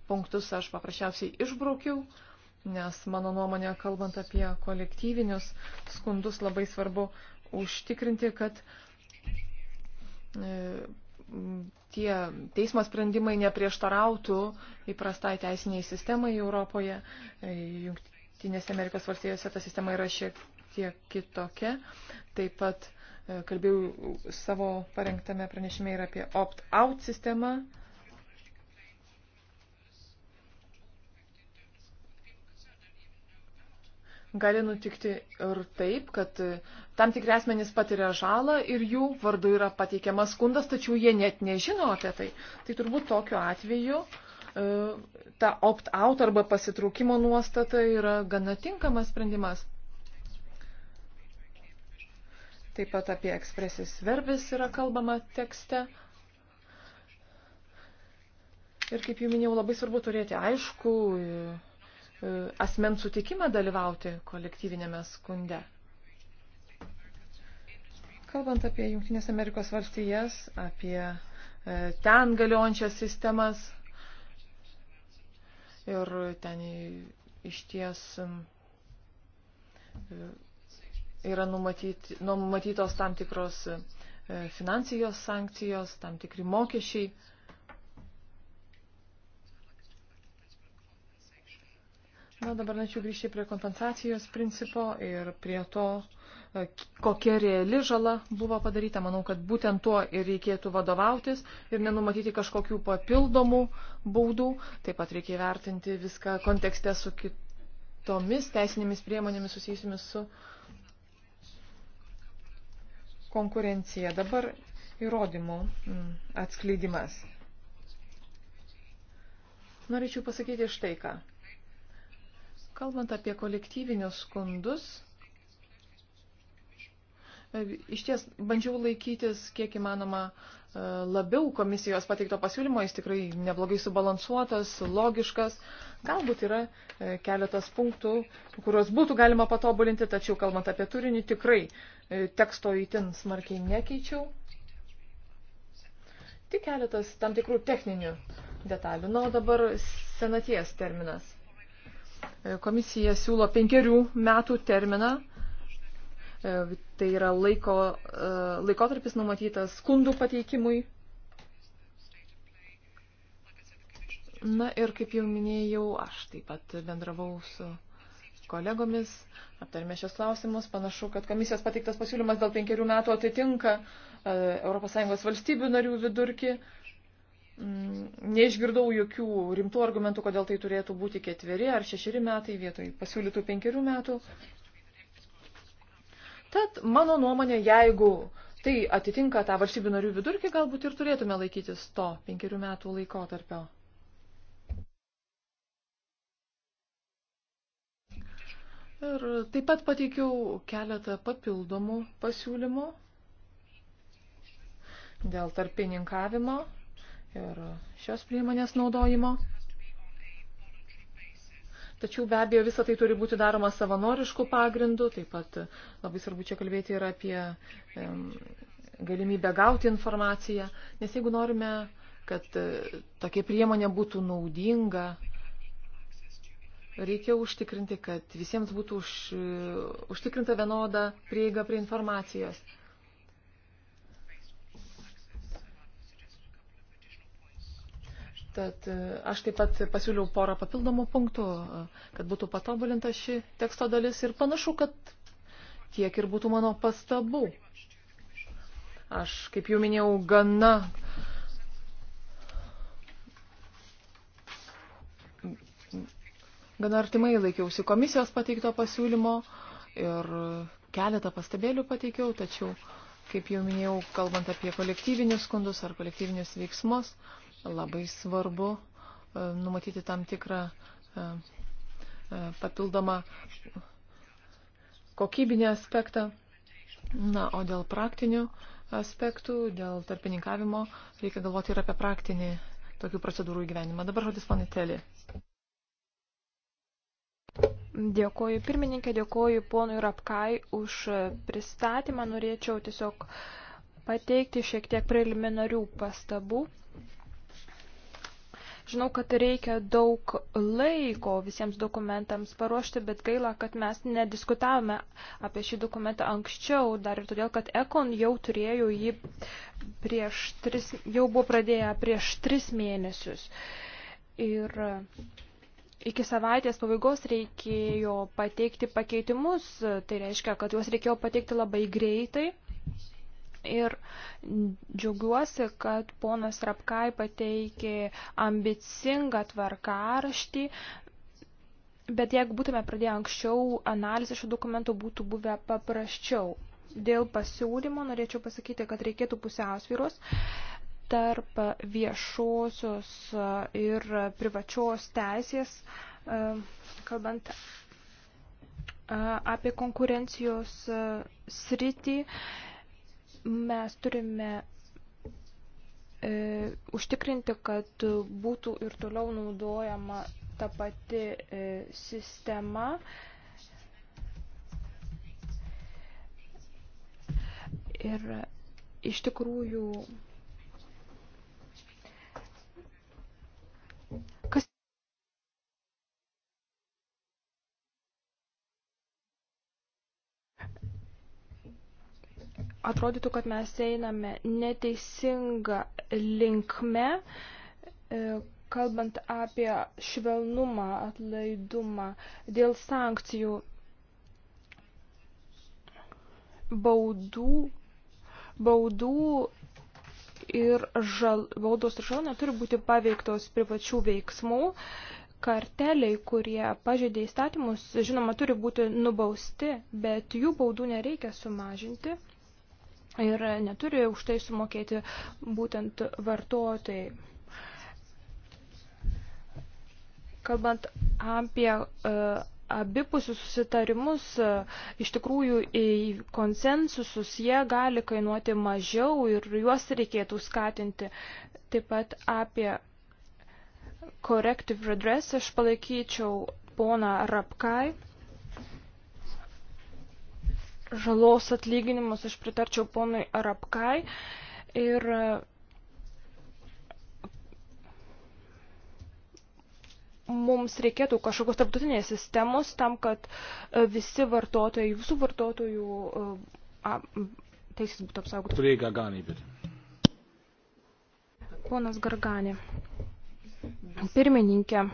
punktus aš paprasčiausiai išbraukiau, nes mano nuomonė, kalbant apie kolektyvinius skundus, labai svarbu užtikrinti, kad e, tie teismo sprendimai neprieštarautų įprastai teisiniai sistemai Europoje. E, Junktinėse Amerikos valstijose ta sistema yra šiek tiek kitokia. Taip pat E, kalbėjau savo parengtame pranešime ir apie opt-out sistemą. Gali nutikti ir taip, kad tam tikri asmenys patiria žalą ir jų vardu yra pateikiamas skundas, tačiau jie net nežino apie tai. Tai turbūt tokiu atveju e, ta opt-out arba pasitraukimo nuostata yra gana tinkamas sprendimas. Taip pat apie ekspresis verbis yra kalbama tekste. Ir kaip jau minėjau, labai svarbu turėti aišku e, e, asmens sutikimą dalyvauti kolektyvinėme skunde. Kalbant apie Junktinės Amerikos valstijas, apie e, ten galiojančias sistemas ir ten iš ties yra numatyti, numatytos tam tikros e, finansijos sankcijos, tam tikri mokesčiai. Na, dabar norėčiau grįžti prie kompensacijos principo ir prie to, e, kokia reali žala buvo padaryta. Manau, kad būtent tuo ir reikėtų vadovautis ir nenumatyti kažkokių papildomų baudų. Taip pat reikia vertinti viską kontekste su kitomis teisinėmis priemonėmis susijusiamis su uh, konkurencija. Dabar įrodymų mm, atskleidimas. Norėčiau pasakyti štai ką. Kalbant apie kolektyvinius skundus, e, iš ties bandžiau laikytis kiek įmanoma e, labiau komisijos pateikto pasiūlymo, jis tikrai neblogai subalansuotas, logiškas. Galbūt yra e, keletas punktų, kuriuos būtų galima patobulinti, tačiau kalbant apie turinį, tikrai E, teksto įtin smarkiai nekeičiau. Tik keletas tam tikrų techninių detalių. Na, o dabar senaties terminas. E, komisija siūlo penkerių metų terminą. E, tai yra laiko, laikotarpis numatytas skundų pateikimui. Na ir kaip jau minėjau, aš taip pat bendravau su kolegomis, aptarėme šios klausimus. Panašu, kad komisijos pateiktas pasiūlymas dėl penkerių metų atitinka ES valstybių narių vidurkį. Mm, neišgirdau jokių rimtų argumentų, kodėl tai turėtų būti ketveri ar šešeri metai vietoj pasiūlytų penkerių metų. Tad mano nuomonė, jeigu tai atitinka tą valstybių narių vidurkį, galbūt ir turėtume laikytis to penkerių metų laikotarpio. Ir taip pat pateikiau keletą papildomų pasiūlymų dėl tarpininkavimo ir šios priemonės naudojimo. Tačiau be abejo visą tai turi būti daroma savanoriškų pagrindų, taip pat labai svarbu čia kalbėti ir apie galimybę gauti informaciją, nes jeigu norime, kad e, tokia priemonė būtų naudinga, Reikia užtikrinti, kad visiems būtų už, užtikrinta vienoda prieiga prie informacijos. Tad e, aš taip pat pasiūliau porą papildomų punktų, e, kad būtų patobulinta ši teksto dalis ir panašu, kad tiek ir būtų mano pastabų. Aš, kaip jau minėjau, gana uh, gana artimai laikiausi komisijos pateikto pasiūlymo ir keletą pastabėlių pateikiau, tačiau, kaip jau minėjau, kalbant apie kolektyvinius skundus ar kolektyvinius veiksmus, labai svarbu e, numatyti tam tikrą e, e, papildomą kokybinį aspektą. Na, o dėl praktinių aspektų, dėl tarpininkavimo, reikia galvoti ir apie praktinį tokių procedūrų įgyvenimą. Dabar žodis panitelį. Dėkoju pirmininkė, dėkoju ponui Rapkai už pristatymą. Norėčiau tiesiog pateikti šiek tiek preliminarių pastabų. Žinau, kad reikia daug laiko visiems dokumentams paruošti, bet gaila, kad mes nediskutavome apie šį dokumentą anksčiau, dar ir todėl, kad Ekon jau turėjo jį prieš tris, jau buvo pradėję prieš tris mėnesius. Ir iki savaitės pabaigos reikėjo pateikti pakeitimus, tai reiškia, kad juos reikėjo pateikti labai greitai. Ir džiaugiuosi, kad ponas Rapkai pateikė ambicingą tvarkaraštį, bet jeigu būtume pradėję anksčiau, analizė šio dokumento būtų buvę paprasčiau. Dėl pasiūlymo norėčiau pasakyti, kad reikėtų pusiausvyros tarp viešosios ir privačios teisės, e, kalbant e, apie konkurencijos e, sritį, mes turime užtikrinti, kad būtų ir toliau naudojama ta pati sistema. Ir iš tikrųjų atrodytų, kad mes einame neteisinga linkme, e, kalbant apie švelnumą, atlaidumą dėl sankcijų baudų, baudų ir žal, baudos ir žala neturi būti paveiktos privačių veiksmų. Karteliai, kurie pažeidė įstatymus, žinoma, turi būti nubausti, bet jų baudų nereikia sumažinti ir neturi už tai sumokėti būtent vartotojai. Kalbant apie e, abipusius susitarimus, e, iš tikrųjų į konsensusus jie gali kainuoti mažiau ir juos reikėtų skatinti. Taip pat apie corrective redress aš palaikyčiau poną Rapkai žalos atlyginimus, aš pritarčiau ponui Arapkai. Ir mums reikėtų kažkokios tarptautinės sistemos tam, kad e, visi vartotojai, visų vartotojų e, teisės būtų apsaugotos. Prieiga Ganai, bet. Ponas Garganė. Pirmininkė.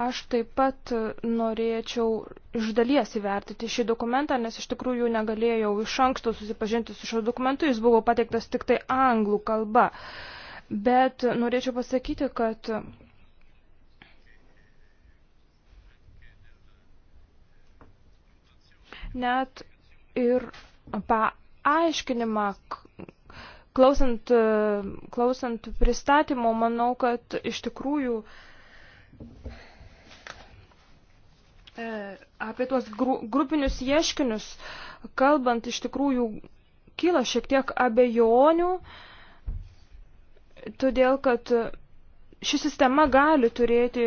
Aš taip pat norėčiau iš dalies įvertyti šį dokumentą, nes iš tikrųjų negalėjau iš anksto susipažinti su šiuo dokumentu, jis buvo pateiktas tik tai anglų kalba. Bet norėčiau pasakyti, kad net ir paaiškinimą, klausant, klausant pristatymo, manau, kad iš tikrųjų E, apie tuos grupinius ieškinius, kalbant, iš tikrųjų kyla šiek tiek abejonių, todėl kad ši sistema gali turėti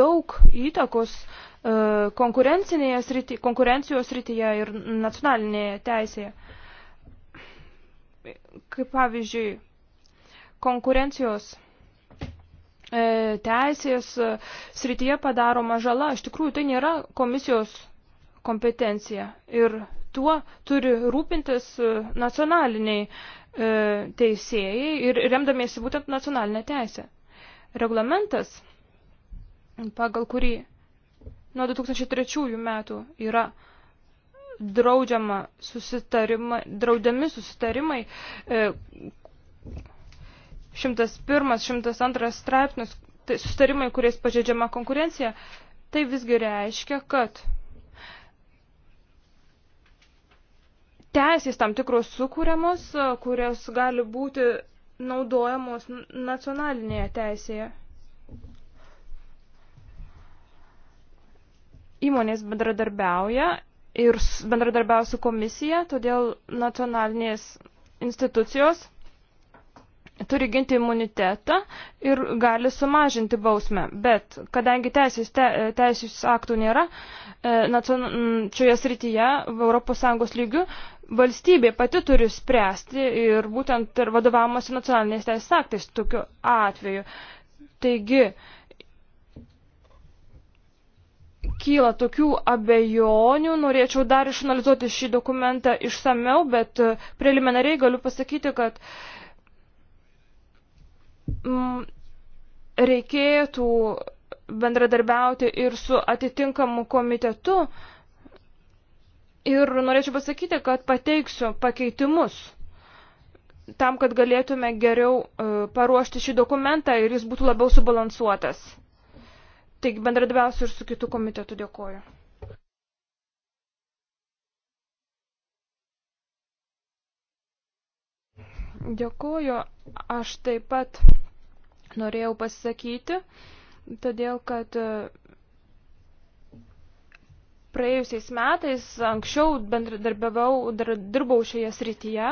daug įtakos e, srity, konkurencijos srityje ir nacionalinėje teisėje. Kaip pavyzdžiui, konkurencijos E, teisės e, srityje padaroma žala, iš tikrųjų tai nėra komisijos kompetencija ir tuo turi rūpintis e, nacionaliniai teisėjai ir remdamiesi būtent nacionalinę teisę. Reglamentas, pagal kurį nuo 2003 metų yra draudžiama susitarimai, draudami susitarimai, 101, 102 straipsnius, tai sustarimai, kuriais pažeidžiama konkurencija, tai visgi reiškia, kad teisės tam tikros sukūriamos, kurios gali būti naudojamos nacionalinėje teisėje. Įmonės bendradarbiauja ir bendradarbiausių komisija, todėl nacionalinės institucijos turi ginti imunitetą ir gali sumažinti bausmę. Bet kadangi teisės, te, teisės aktų nėra, e, šioje srityje ES lygių valstybė pati turi spręsti ir būtent ir vadovavimasi nacionalinės teisės aktais tokiu atveju. Taigi, kyla tokių abejonių, norėčiau dar išanalizuoti šį dokumentą išsameu, bet preliminariai galiu pasakyti, kad uh, m, mm, reikėtų bendradarbiauti ir su atitinkamu komitetu. Ir norėčiau pasakyti, kad pateiksiu pakeitimus tam, kad galėtume geriau e, paruošti šį dokumentą ir jis būtų labiau subalansuotas. Taigi bendradarbiausiu ir su kitu komitetu dėkoju. Dėkoju. Aš taip pat norėjau pasisakyti, todėl kad e, praėjusiais metais anksčiau bendradarbiavau, dar, dirbau šioje srityje.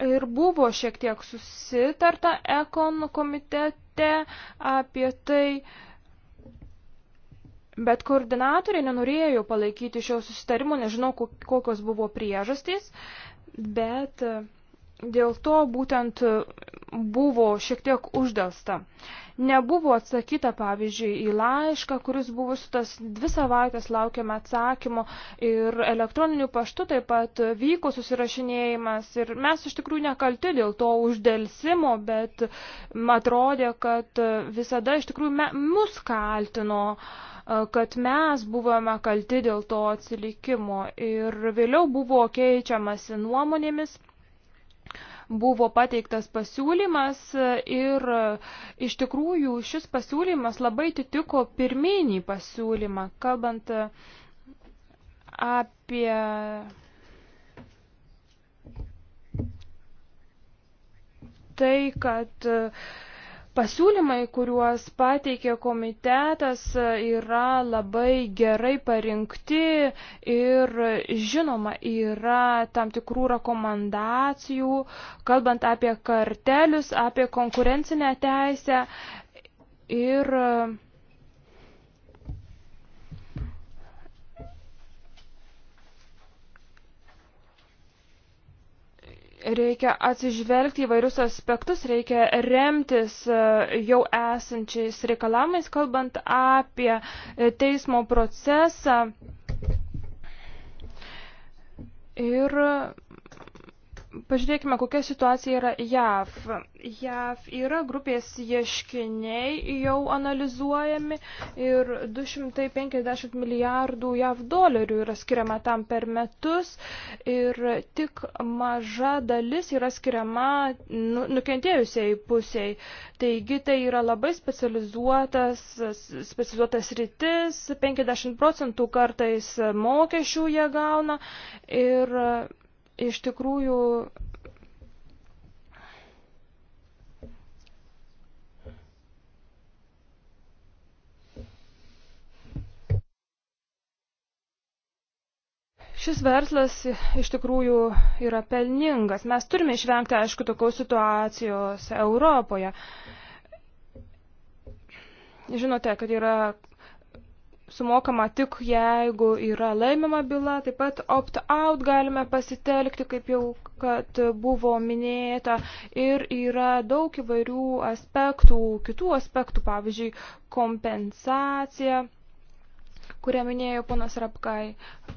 Ir buvo šiek tiek susitarta ekon komitete apie tai, Bet koordinatoriai nenorėjo palaikyti šio susitarimo, nežinau kokios buvo priežastys, bet dėl to būtent buvo šiek tiek uždelsta. Nebuvo atsakyta, pavyzdžiui, į laišką, kuris buvo sutas dvi savaitės laukiame atsakymo ir elektroniniu paštu taip pat vyko susirašinėjimas ir mes iš tikrųjų nekalti dėl to uždelsimo, bet atrodė, kad visada iš tikrųjų me, mus kaltino kad mes buvome kalti dėl to atsilikimo ir vėliau buvo keičiamasi nuomonėmis buvo pateiktas pasiūlymas ir e, iš tikrųjų šis pasiūlymas labai titiko pirminį pasiūlymą, kalbant e, apie. Tai, kad uh, Pasiūlymai, kuriuos pateikė komitetas, yra labai gerai parinkti ir žinoma, yra tam tikrų rekomendacijų, kalbant apie kartelius, apie konkurencinę teisę ir reikia atsižvelgti įvairius aspektus, reikia remtis e, jau esančiais reikalavimais, kalbant apie e, teismo procesą. Ir Pažiūrėkime, kokia situacija yra JAV. JAV yra grupės ieškiniai jau analizuojami ir 250 milijardų JAV dolerių yra skiriama tam per metus ir tik maža dalis yra skiriama nu, nukentėjusiai pusiai. Taigi tai yra labai specializuotas, specializuotas rytis, 50 procentų kartais mokesčių jie gauna ir iš tikrųjų šis verslas iš tikrųjų yra pelningas. Mes turime išvengti, aišku, tokios situacijos Europoje. Žinote, kad yra sumokama tik jeigu yra laimima byla, taip pat opt-out galime pasitelkti, kaip jau kad buvo minėta, ir yra daug įvairių aspektų, kitų aspektų, pavyzdžiui, kompensacija, kurią minėjo ponas Rapkai.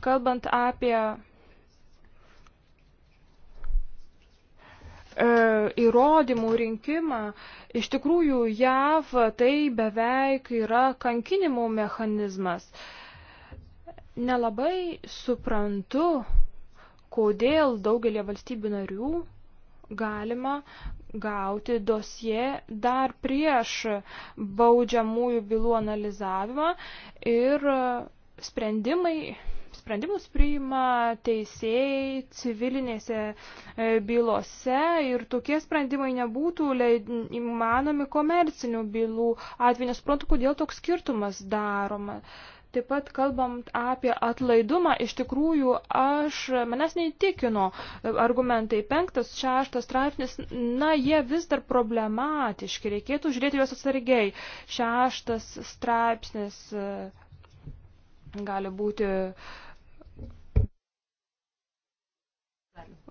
Kalbant apie E, įrodymų rinkimą. Iš tikrųjų, JAV tai beveik yra kankinimų mechanizmas. Nelabai suprantu, kodėl daugelį valstybių narių galima gauti dosie dar prieš baudžiamųjų bylų analizavimą ir sprendimai Sprendimus priima teisėjai civilinėse e, bylose ir tokie sprendimai nebūtų įmanomi komercinių bylų atveju. Nesuprantu, kodėl toks skirtumas daroma. Taip pat kalbant apie atlaidumą, iš tikrųjų aš, manęs neįtikino argumentai penktas, šeštas straipsnis, na, jie vis dar problematiški, reikėtų žiūrėti juos atsargiai. Šeštas straipsnis e, gali būti uh,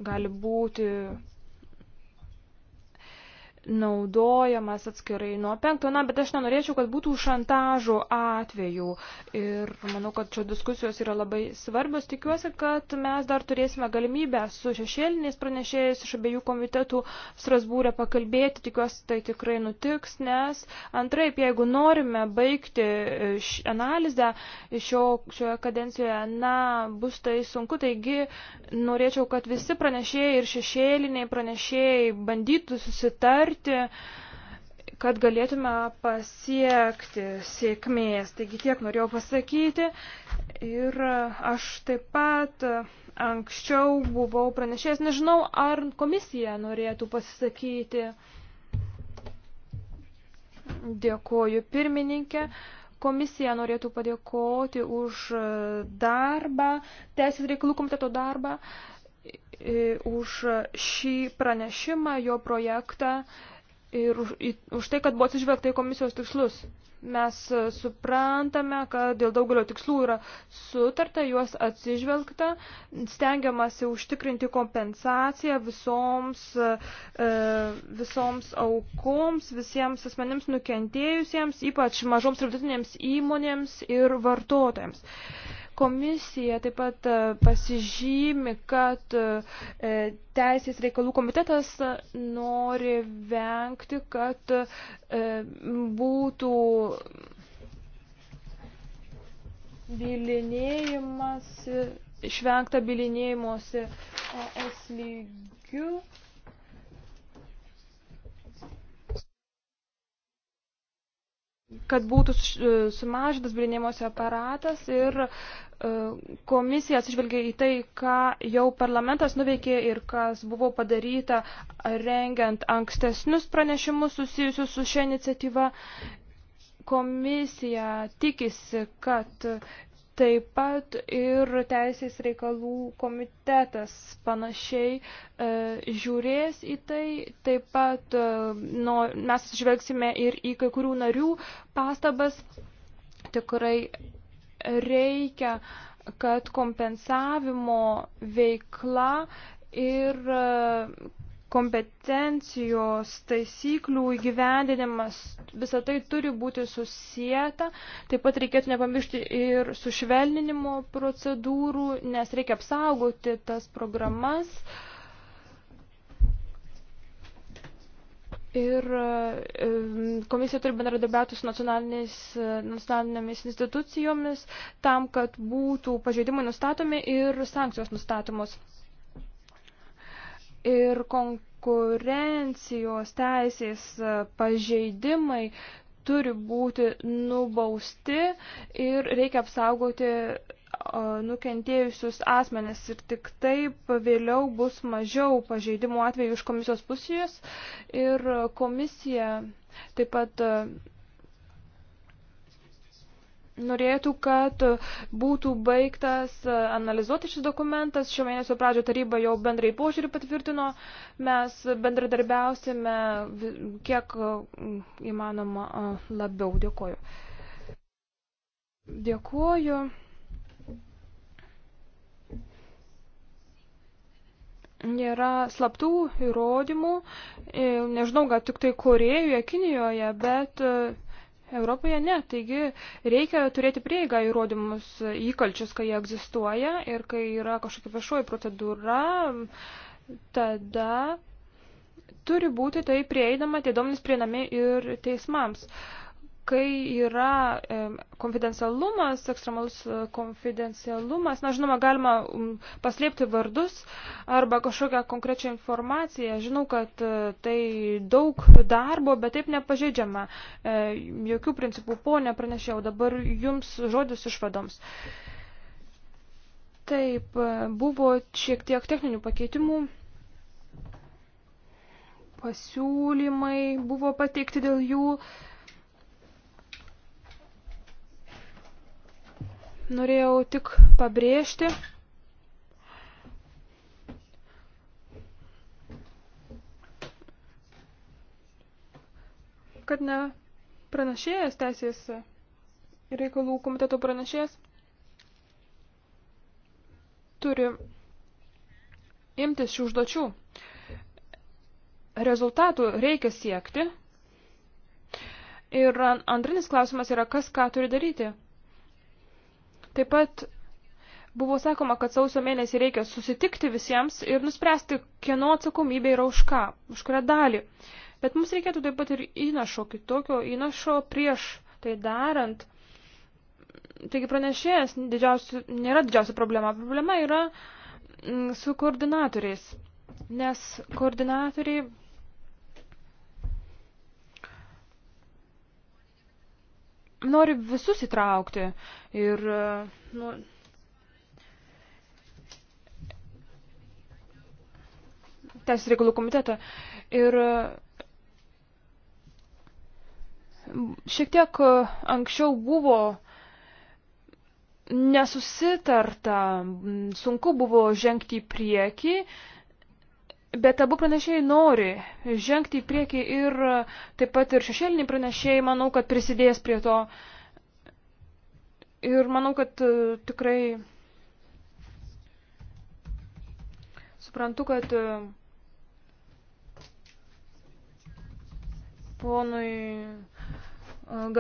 Gali būti naudojamas atskirai nuo penkto, na, bet aš nenorėčiau, kad būtų šantažo atveju. Ir manau, kad čia diskusijos yra labai svarbios. Tikiuosi, kad mes dar turėsime galimybę su šešėliniais pranešėjais iš abiejų komitetų Strasbūrė pakalbėti. Tikiuosi, tai tikrai nutiks, nes antraip, jeigu norime baigti e, analizę šio, šioje kadencijoje, na, bus tai sunku. Taigi, norėčiau, kad visi pranešėjai ir šešėliniai pranešėjai bandytų susitarti susitarti, kad galėtume pasiekti sėkmės. Taigi tiek norėjau pasakyti. Ir aš taip pat anksčiau buvau pranešėjęs, nežinau, ar komisija norėtų pasisakyti. Dėkoju pirmininkė komisija norėtų padėkoti už darbą, teisės reikalų komiteto darbą už šį pranešimą, jo projektą ir už, už tai, kad buvo atsižvelgta į komisijos tikslus. Mes suprantame, kad dėl daugelio tikslų yra sutarta, juos atsižvelgta, stengiamasi užtikrinti kompensaciją visoms, e, visoms aukoms, visiems asmenims nukentėjusiems, ypač mažoms ir vidutinėms įmonėms ir vartotojams. Komisija taip pat e, pasižymi, kad e, e, Teisės reikalų komitetas nori vengti, kad būtų bilinėjimas, išvengta bilinėjimuose ES lygių. kad būtų e, sumažintas bilinėjimosi aparatas ir e, komisija atsižvelgia į tai, ką jau parlamentas nuveikė ir kas buvo padaryta rengiant ankstesnius pranešimus susijusius su šia iniciatyva. Komisija tikisi, kad Taip pat ir Teisės reikalų komitetas panašiai e, žiūrės į tai. Taip pat e, no, mes žvelgsime ir į kai kurių narių pastabas. Tikrai reikia, kad kompensavimo veikla ir e, kompetencijos, taisyklių įgyvendinimas, visa tai turi būti susijęta. Taip pat reikėtų nepamiršti ir sušvelninimo procedūrų, nes reikia apsaugoti tas programas. Ir komisija turi bendradarbiauti su nacionalinėmis institucijomis tam, kad būtų pažeidimai nustatomi ir sankcijos nustatomos ir konkurencijos teisės pažeidimai turi būti nubausti ir reikia apsaugoti nukentėjusius asmenis ir tik taip vėliau bus mažiau pažeidimų atvejų iš komisijos pusės ir komisija taip pat norėtų, kad būtų baigtas e, analizuoti šis dokumentas. Šio mėnesio pradžio taryba jau bendrai požiūrį patvirtino. Mes bendradarbiausime kiek e, įmanoma e, labiau. Dėkuoju. Dėkuoju. Nėra slaptų įrodymų, nežinau, gal tik tai Korejoje, Kinijoje, bet uh, Europoje ne, taigi reikia turėti prieigą įrodymus įkalčius, kai jie egzistuoja ir kai yra kažkokia viešoji procedūra, tada turi būti tai prieidama, tie duomenys prieinami ir teismams. Uh, kai yra konfidencialumas, ekstremalus e, konfidencialumas, na, žinoma, galima paslėpti vardus arba kažkokią konkrečią informaciją. Žinau, kad e, tai daug darbo, bet taip nepažeidžiama. E, jokių principų po nepranešiau. Dabar jums žodis išvadoms. Taip, buvo šiek tiek techninių pakeitimų pasiūlymai buvo pateikti dėl jų, norėjau tik pabrėžti, kad ne pranešėjas teisės reikalų komiteto pranešėjas turi imtis šių užduočių. Rezultatų reikia siekti. Ir antrinis klausimas yra, kas ką turi daryti. Taip pat buvo sakoma, kad sausio mėnesį reikia susitikti visiems ir nuspręsti, kieno atsakomybė yra už ką, už kurią dalį. Bet mums reikėtų taip pat ir įnašo, kitokio įnašo prieš tai darant. Taigi pranešėjas didžiausia, nėra didžiausia problema. Problema yra mm, su koordinatoriais, nes koordinatoriai nori visus įtraukti. Ir, e, nu, Teisės reikalų komitetą. Ir e, šiek tiek e, anksčiau buvo nesusitarta, sunku buvo žengti į priekį, Bet abu pranešėjai nori žengti į priekį ir taip pat ir šešėliniai pranešėjai, manau, kad prisidės prie to. Ir manau, kad e, tikrai suprantu, kad e, ponui e,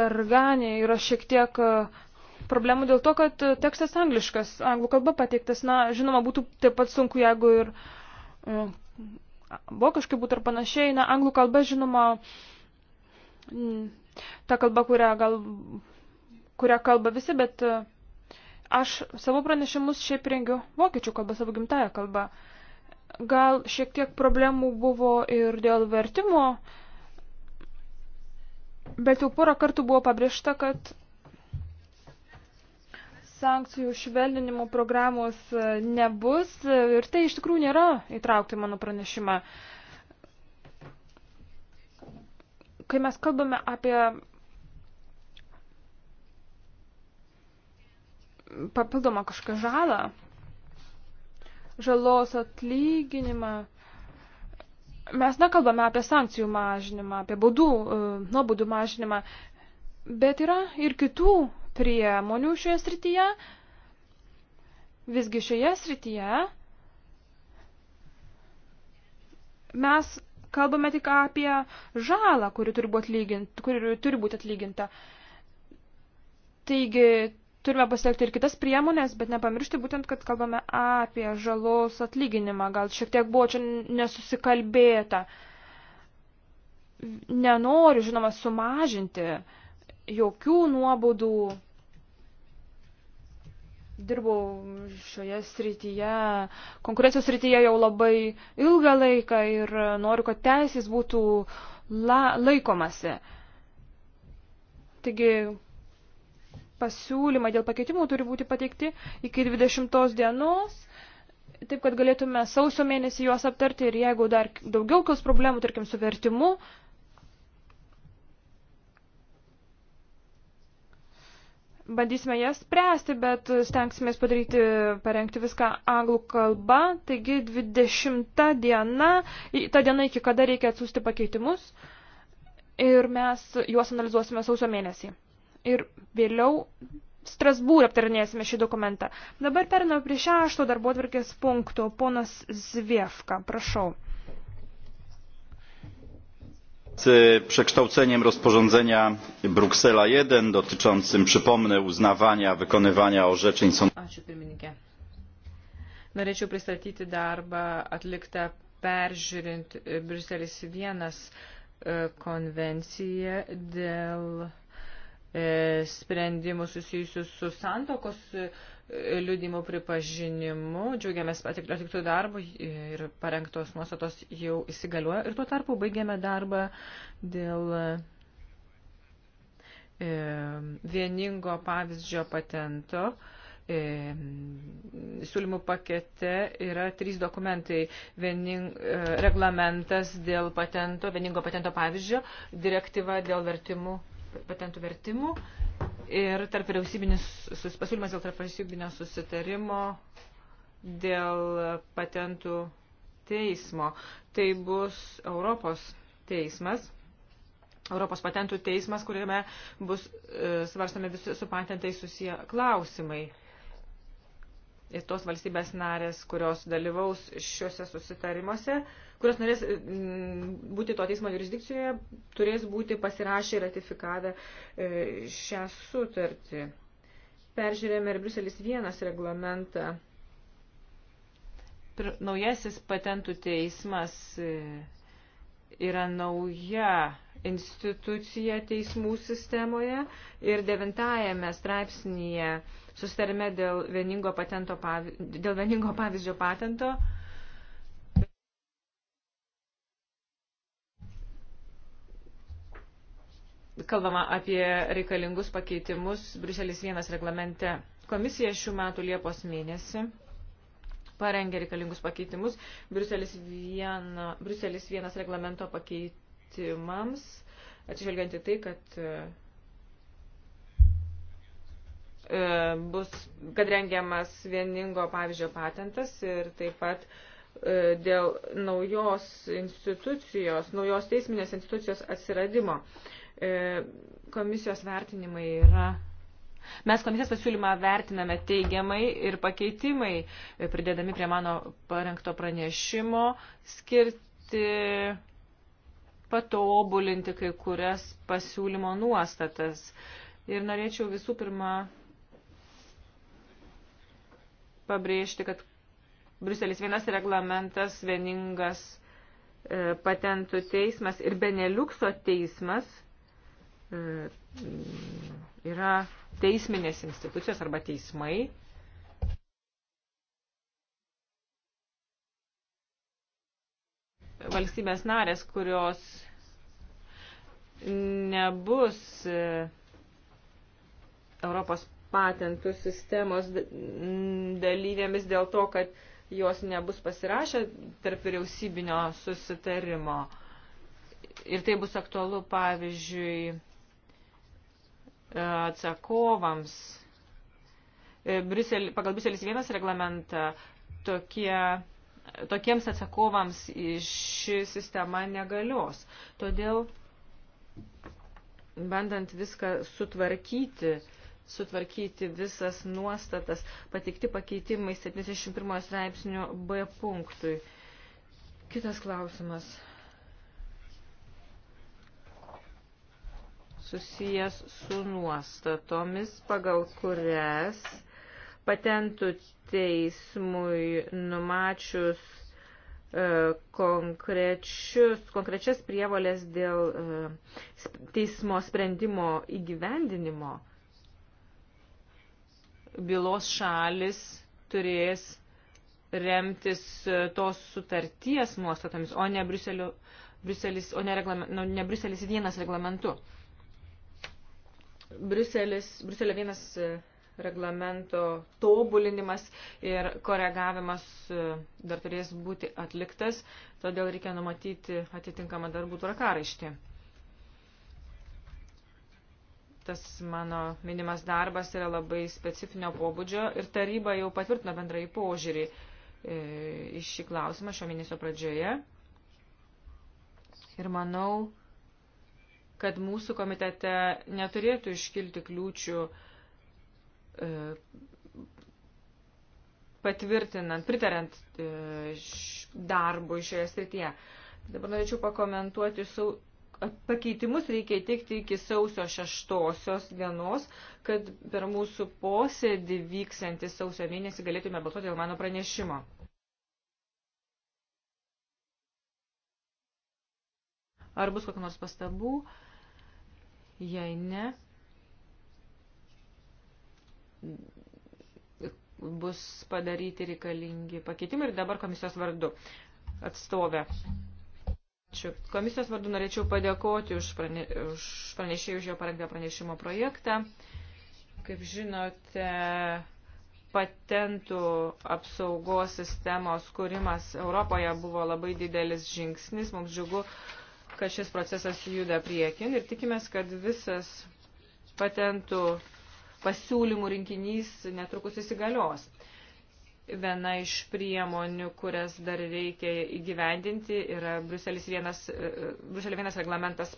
Garganė yra šiek tiek problemų dėl to, kad tekstas angliškas, anglų kalba pateiktas. Na, žinoma, būtų taip pat sunku, jeigu ir vokiškai būtų ir panašiai. Na, anglų kalba, žinoma, ta kalba, kurią, gal, kurią kalba visi, bet e, aš savo pranešimus šiaip rengiu vokiečių kalba, savo gimtają kalbą. Gal šiek tiek problemų buvo ir dėl vertimo, bet jau porą kartų buvo pabrėžta, kad sankcijų švelninimo programos e, nebus ir tai iš tikrųjų nėra įtraukti mano pranešimą. Kai mes kalbame apie papildomą kažką žalą, žalos atlyginimą, mes nekalbame apie sankcijų mažinimą, apie baudų, e, nuobaudų mažinimą, bet yra ir kitų priemonių šioje srityje. Visgi šioje srityje mes kalbame tik apie žalą, kuri turi būti, atlygint, kuri turi būti atlyginta. Taigi turime pasiekti ir kitas priemonės, bet nepamiršti būtent, kad kalbame apie žalos atlyginimą. Gal šiek tiek buvo čia nesusikalbėta. Nenoriu, žinoma, sumažinti uh, jokių nuobaudų. Dirbau šioje srityje, konkurencijos srityje jau labai ilgą laiką ir noriu, kad teisės būtų la, laikomasi. Taigi pasiūlymai dėl pakeitimų turi būti pateikti iki 20 dienos, taip kad galėtume sausio mėnesį juos aptarti ir jeigu dar daugiau kils problemų, tarkim, su vertimu, bandysime jas spręsti, bet stengsime padaryti, parengti viską anglų kalba. Taigi 20 diena, ta diena iki kada reikia atsiųsti pakeitimus ir mes juos analizuosime sausio mėnesį. Ir vėliau Strasbūrą aptarinėsime šį dokumentą. Dabar periname prie šešto darbo atvarkės punkto. Ponas Zviefka, prašau przekształceniem rozporządzenia bruksela i dotyczącym przypomnę uznawania wykonywania orzeczeń sądowych norėčiau pristatyti darbą atliktą peržiūrint e, briuselis vienas e, konvenciją dėl e, sprendimų susijusių su santokos liudymų pripažinimu, džiaugiamės atliktų darbų ir parengtos nuostatos jau įsigalioja ir tuo tarpu baigėme darbą dėl e, vieningo pavyzdžio patento. E, siūlymų pakete yra trys dokumentai. Viening, e, reglamentas dėl patento, vieningo patento pavyzdžio, direktyva dėl vertimų, patentų vertimų ir tarp vyriausybinis pasiūlymas dėl tarp vyriausybinio susitarimo dėl patentų teismo. Tai bus Europos teismas. Europos patentų teismas, kuriame bus e, svarstami visi su patentais susiję klausimai. Ir tos valstybės narės, kurios dalyvaus šiuose susitarimuose, e, kurios norės e, būti to teismo jurisdikcijoje, turės būti pasirašę ir ratifikavę e, šią sutartį. Peržiūrėjome ir Bruselis vienas reglamentą. Naujasis patentų teismas e, yra nauja institucija teismų sistemoje ir devintajame straipsnėje sustarime dėl vieningo, patento, dėl vieningo pavyzdžio patento kalbama apie reikalingus pakeitimus Bruselis vienas reglamente. Komisija šių metų Liepos mėnesį parengė reikalingus pakeitimus Bruselis, viena, Bruselis vienas reglamento pakeitimams, atsižvelgiant į tai, kad e, bus, kad rengiamas vieningo pavyzdžio patentas ir taip pat e, dėl naujos institucijos, naujos teisminės institucijos atsiradimo. E, komisijos vertinimai yra. Mes komisijos pasiūlymą vertiname teigiamai ir pakeitimai, e, pridėdami prie mano parengto pranešimo, skirti patobulinti kai kurias pasiūlymo nuostatas. Ir norėčiau visų pirma pabrėžti, kad Bruselis vienas reglamentas, vieningas e, patentų teismas ir Beneliukso teismas – E, yra teisminės institucijos arba teismai. Valstybės narės, kurios nebus e, Europos patentų sistemos dalyvėmis dėl to, kad jos nebus pasirašę tarp vyriausybinio susitarimo. Ir tai bus aktualu, pavyzdžiui, atsakovams. E, Brisel, pagal Briselis vienas reglamentą tokie, tokiems atsakovams ši sistema negalios. Todėl, bandant viską sutvarkyti, sutvarkyti visas nuostatas, patikti pakeitimai 71 straipsnio B punktui. Kitas klausimas. susijęs su nuostatomis, pagal kurias patentų teismui numačius e, konkrečias prievolės dėl e, teismo sprendimo įgyvendinimo bylos šalis turės remtis e, tos sutarties nuostatomis, o ne Briuselis, o ne, reglame, nu, ne Briuselis vienas reglamentu. Briuselis, Briuselio vienas e, reglamento tobulinimas ir koregavimas e, dar turės būti atliktas, todėl reikia numatyti atitinkamą darbų tvarkaraištį. Tas mano minimas darbas yra labai specifinio pobūdžio ir taryba jau patvirtino bendrai požiūrį e, į šį klausimą šio mėnesio pradžioje. Ir manau, kad mūsų komitete neturėtų iškilti kliūčių e, patvirtinant, pritarant e, darbui šioje srityje. Dabar norėčiau pakomentuoti su pakeitimus reikia įtikti iki sausio šeštosios dienos, kad per mūsų posėdį vyksantį sausio mėnesį galėtume balsuoti dėl mano pranešimo. Ar bus kokių nors pastabų? Jei ne, bus padaryti reikalingi pakeitimai ir dabar komisijos vardu atstovė. Ačiū. Komisijos vardu norėčiau padėkoti už, prane, už pranešėjų už jo parengtą pranešimo projektą. Kaip žinote, patentų apsaugos sistemos kūrimas Europoje buvo labai didelis žingsnis. Mums džiugu, uh, kad šis procesas juda priekin ir tikimės, kad visas patentų pasiūlymų rinkinys netrukus įsigalios. Viena iš priemonių, kurias dar reikia įgyvendinti, yra Bruselis vienas, Bruselio vienas reglamentas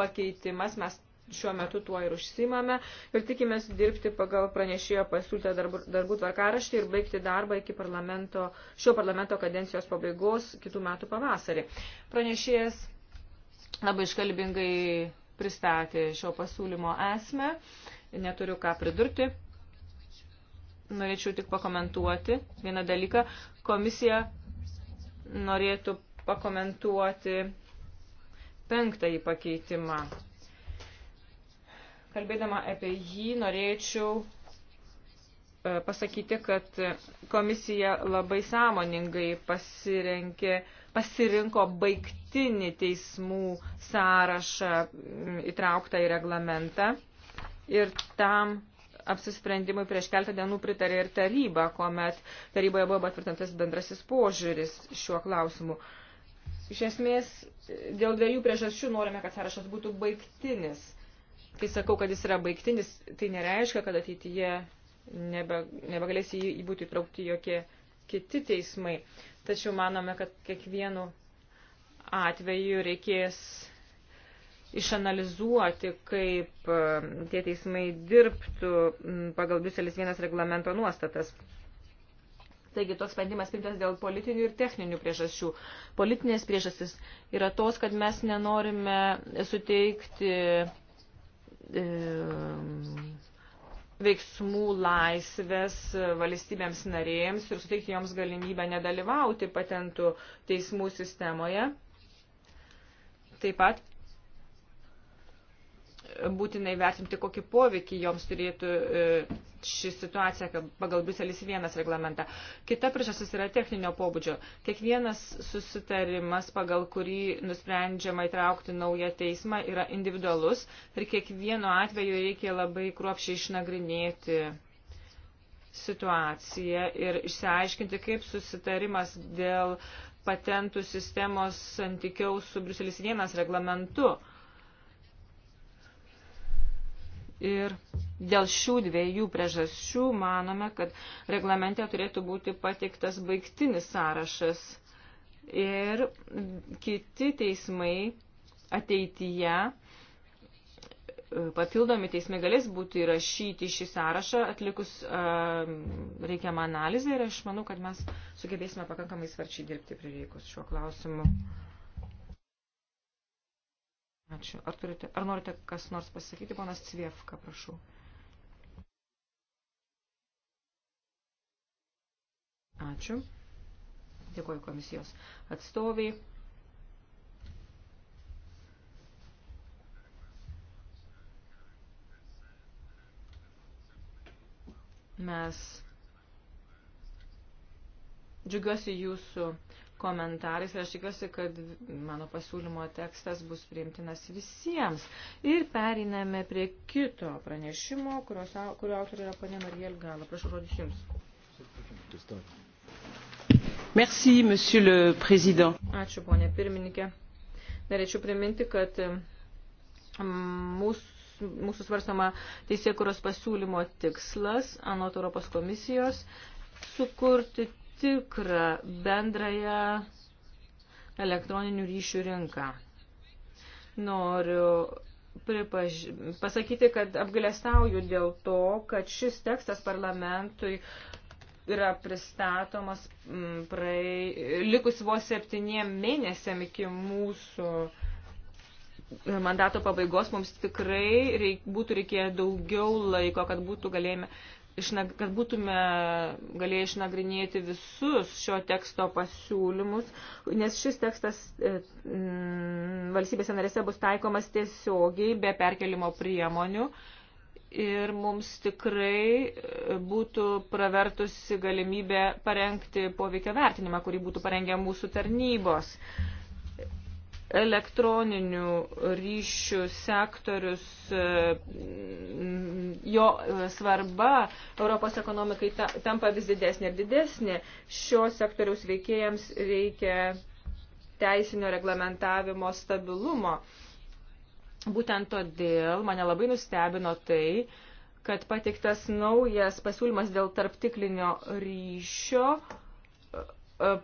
pakeitimas. Mes šiuo metu tuo ir užsimame ir tikimės dirbti pagal pranešėjo pasiūlytą darbų, darbų tvarkaraštį ir baigti darbą iki parlamento, šio parlamento kadencijos pabaigos kitų metų pavasarį. Pranešėjas labai iškalbingai pristatė šio pasiūlymo esmę. Neturiu ką pridurti. Norėčiau tik pakomentuoti vieną dalyką. Komisija norėtų pakomentuoti penktąjį pakeitimą. Kalbėdama apie jį, norėčiau e, pasakyti, kad komisija labai sąmoningai pasirenkė uh, pasirinko baigtinį teismų sąrašą mm, įtrauktą į reglamentą ir tam apsisprendimui prieš keltą dienų pritarė ir taryba, kuomet taryboje buvo patvirtintas bendrasis požiūris šiuo klausimu. Iš esmės, dėl dviejų priežasčių norime, kad sąrašas būtų baigtinis. Kai sakau, kad jis yra baigtinis, tai nereiškia, kad ateityje nebe, nebegalės į jį būti įtraukti jokie kiti teismai tačiau manome, kad kiekvienu atveju reikės išanalizuoti, kaip e, tie teismai dirbtų pagal Briuselis vienas reglamento nuostatas. Taigi toks sprendimas priimtas dėl politinių ir techninių priežasčių. Politinės priežastis yra tos, kad mes nenorime suteikti e, veiksmų laisvės valstybėms narėjams ir suteikti joms galimybę nedalyvauti patentų teismų sistemoje. Taip pat būtinai vertinti, kokį poveikį joms turėtų e, ši situacija pagal Bruselis vienas reglamentą. Kita priežastis yra techninio pobūdžio. Kiekvienas susitarimas, pagal kurį nusprendžiama įtraukti naują teismą, yra individualus ir kiekvieno atveju reikia labai kruopšiai išnagrinėti situaciją ir išsiaiškinti, kaip susitarimas dėl patentų sistemos santykiaus su Bruselis vienas reglamentu Ir dėl šių dviejų priežasčių manome, kad reglamente turėtų būti pateiktas baigtinis sąrašas ir kiti teismai ateityje, e, papildomi teismai galės būti įrašyti šį sąrašą atlikus uh, reikiamą analizę ir aš manau, kad mes sugebėsime pakankamai svarčiai dirbti prireikus šiuo klausimu. Ačiū. Ar, turite, ar norite kas nors pasakyti, ponas Cviefka, prašau. Ačiū. Dėkuoju komisijos atstoviai. Mes džiugiuosi jūsų komentarais ir aš tikiuosi, kad mano pasiūlymo tekstas bus priimtinas visiems. Ir periname prie kito pranešimo, kurios, kurio autorė yra panė Marija Elgala. Prašau žodis jums. Merci, monsieur le président. Ačiū, ponė pirmininkė. Norėčiau priminti, kad mūsų mūsų svarstama teisėkuros pasiūlymo tikslas anot Europos komisijos sukurti tikrą bendrąją elektroninių ryšių rinką. Noriu pripaž... pasakyti, kad apgalėstauju dėl to, kad šis tekstas parlamentui yra pristatomas mm, praei... likus vos septyniem mėnesiam iki mūsų mandato pabaigos. Mums tikrai reik... būtų reikėję daugiau laiko, kad būtų galėjome kad būtume galėję išnagrinėti visus šio teksto pasiūlymus, nes šis tekstas mm, valstybėse narėse bus taikomas tiesiogiai be perkelimo priemonių ir mums tikrai e, būtų pravertusi galimybė parengti poveikio vertinimą, kurį būtų parengę mūsų tarnybos. Mm elektroninių ryšių sektorius, e, mm, jo e, svarba Europos ekonomikai tampa vis didesnė ir didesnė. Šio sektoriaus veikėjams reikia teisinio reglamentavimo stabilumo. Būtent todėl mane labai nustebino tai, kad pateiktas naujas pasiūlymas dėl tarptiklinio ryšio e,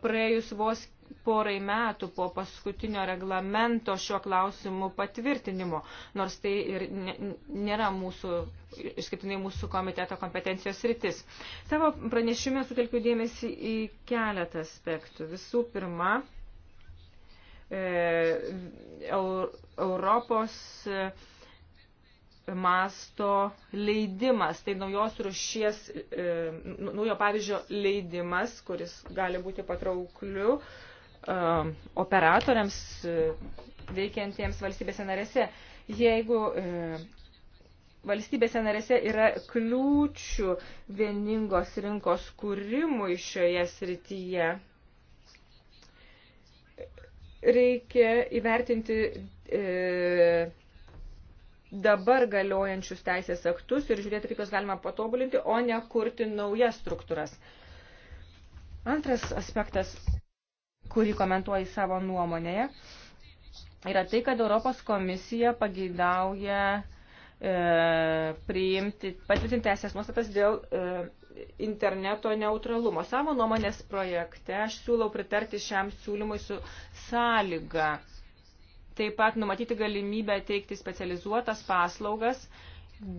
praėjus vos porai metų po paskutinio reglamento šiuo klausimu patvirtinimo, nors tai ir nėra mūsų, išskirtinai mūsų komiteto kompetencijos rytis. Savo pranešime sutelkiu dėmesį į keletą aspektų. Visų pirma, e, Europos e, masto leidimas, tai naujos rušies, e, naujo pavyzdžio leidimas, kuris gali būti patraukliu. E, Um, operatoriams uh, veikiantiems valstybėse narėse. Jeigu uh, valstybėse narėse yra kliūčių vieningos rinkos kūrimui šioje srityje, reikia įvertinti e, dabar galiojančius teisės aktus ir žiūrėti, kaip juos galima patobulinti, o ne kurti naujas struktūras. Antras aspektas kurį komentuoji savo nuomonėje, yra tai, kad Europos komisija pageidauja e, priimti, patvirtinti esės nuostatas dėl e, interneto neutralumo. Savo nuomonės projekte aš siūlau pritarti šiam siūlymui su sąlyga. Taip pat numatyti galimybę teikti specializuotas paslaugas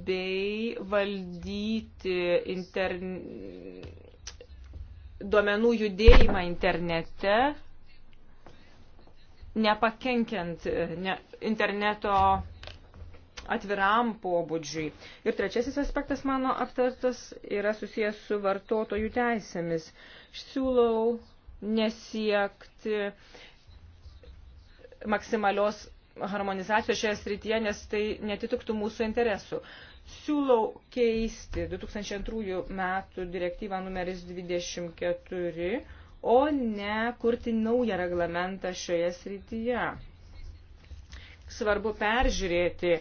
bei valdyti interne duomenų judėjimą internete, nepakenkiant ne, interneto atviram pobūdžiui. Ir trečiasis aspektas mano aptartas yra susijęs su vartotojų teisėmis. Siūlau nesiekti maksimalios harmonizacijos šioje srityje, nes tai netitiktų mūsų interesų siūlau keisti 2002 metų direktyvą numeris 24, o ne kurti naują reglamentą šioje srityje. Svarbu peržiūrėti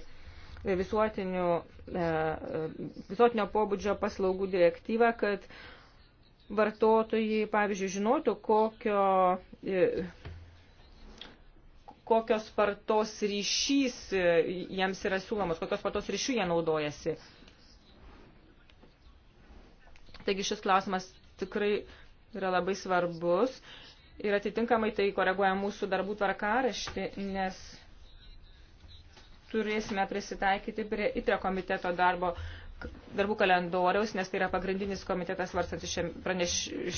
visuotinio, e, visuotinio pobūdžio paslaugų direktyvą, kad vartotojai, pavyzdžiui, žinotų, kokio e, kokios spartos ryšys jiems yra siūlomos, kokios spartos ryšių jie naudojasi. Taigi šis klausimas tikrai yra labai svarbus ir atitinkamai tai koreguoja mūsų darbų tvarkaraštį, nes turėsime prisitaikyti prie ITRE komiteto darbo darbų kalendoriaus, nes tai yra pagrindinis komitetas svarstantis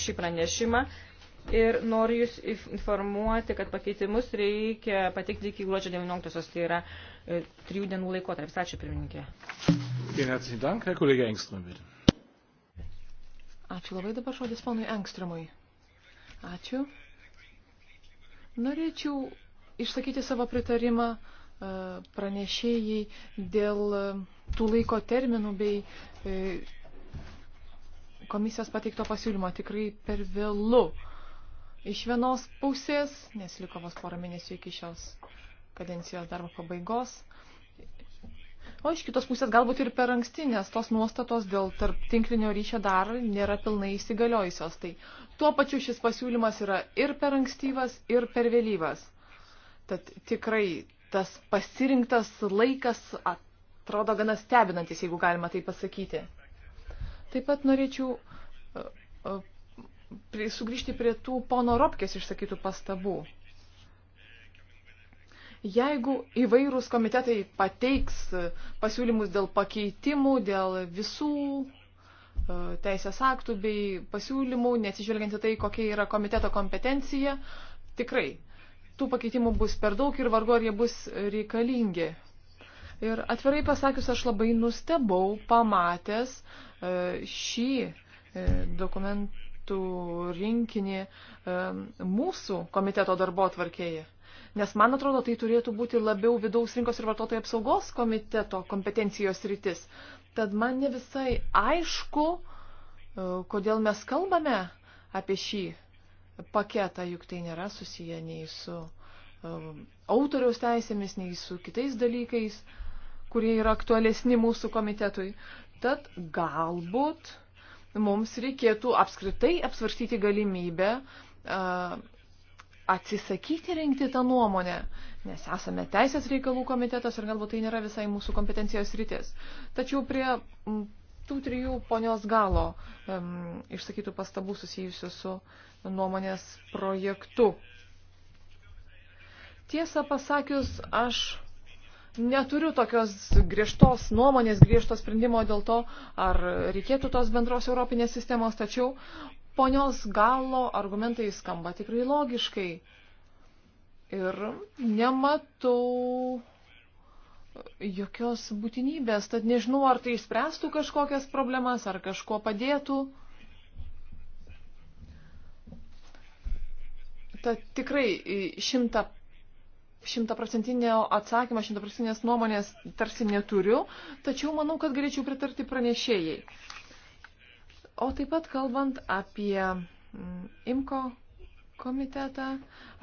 šį pranešimą ir noriu Jūs informuoti, kad pakeitimus reikia patikti iki gruodžio 19, tai yra e, trijų dienų laikotarpis. Ačiū, pirmininkė. Ačiū labai dabar žodis ponui Engstromui. Ačiū. Norėčiau išsakyti savo pritarimą e, pranešėjai dėl e, tų laiko terminų bei komisijos pateikto pasiūlymo. Tikrai per vėlu iš vienos pusės, nes liko vos porą mėnesių iki šios kadencijos darbo pabaigos. O iš kitos pusės galbūt ir per anksti, nes tos nuostatos dėl tarp tinklinio ryšio dar nėra pilnai įsigaliojusios. Tai tuo pačiu šis pasiūlymas yra ir per ankstyvas, ir per vėlyvas. Tad tikrai tas pasirinktas laikas atrodo gana stebinantis, jeigu galima tai pasakyti. Taip pat norėčiau sugrįžti prie tų pono Ropkės išsakytų pastabų. Jeigu įvairūs komitetai pateiks e, pasiūlymus dėl pakeitimų, dėl visų e, teisės aktų bei pasiūlymų, nesižvelgiant į tai, kokia yra komiteto kompetencija, tikrai tų pakeitimų bus per daug ir vargu ar jie bus reikalingi. Ir atvirai pasakius, aš labai nustebau pamatęs e, šį dokumentą punktų rinkinį e, mūsų komiteto darbo atvarkėje. Nes man atrodo, tai turėtų būti labiau vidaus rinkos ir vartotojų apsaugos komiteto kompetencijos rytis. Tad man ne visai aišku, e, kodėl mes kalbame apie šį paketą, juk tai nėra susiję nei su um, autoriaus teisėmis, nei su kitais dalykais, kurie yra aktualesni mūsų komitetui. Tad galbūt mums reikėtų apskritai apsvarstyti galimybę uh, atsisakyti rinkti tą nuomonę, nes esame teisės reikalų komitetas ir galbūt tai nėra visai mūsų kompetencijos rytis. Tačiau prie tų trijų ponios galo um, išsakytų pastabų susijusių su nuomonės projektu. Tiesą pasakius, aš neturiu tokios griežtos nuomonės, griežto sprendimo dėl to, ar reikėtų tos bendros europinės sistemos, tačiau ponios galo argumentai skamba tikrai logiškai. Ir nematau jokios būtinybės, tad nežinau, ar tai išspręstų kažkokias problemas, ar kažko padėtų. Tad tikrai šimta šimtaprocentinio atsakymo, šimtaprocentinės nuomonės tarsi neturiu, tačiau manau, kad galėčiau pritarti pranešėjai. O taip pat kalbant apie mm, IMKO komitetą,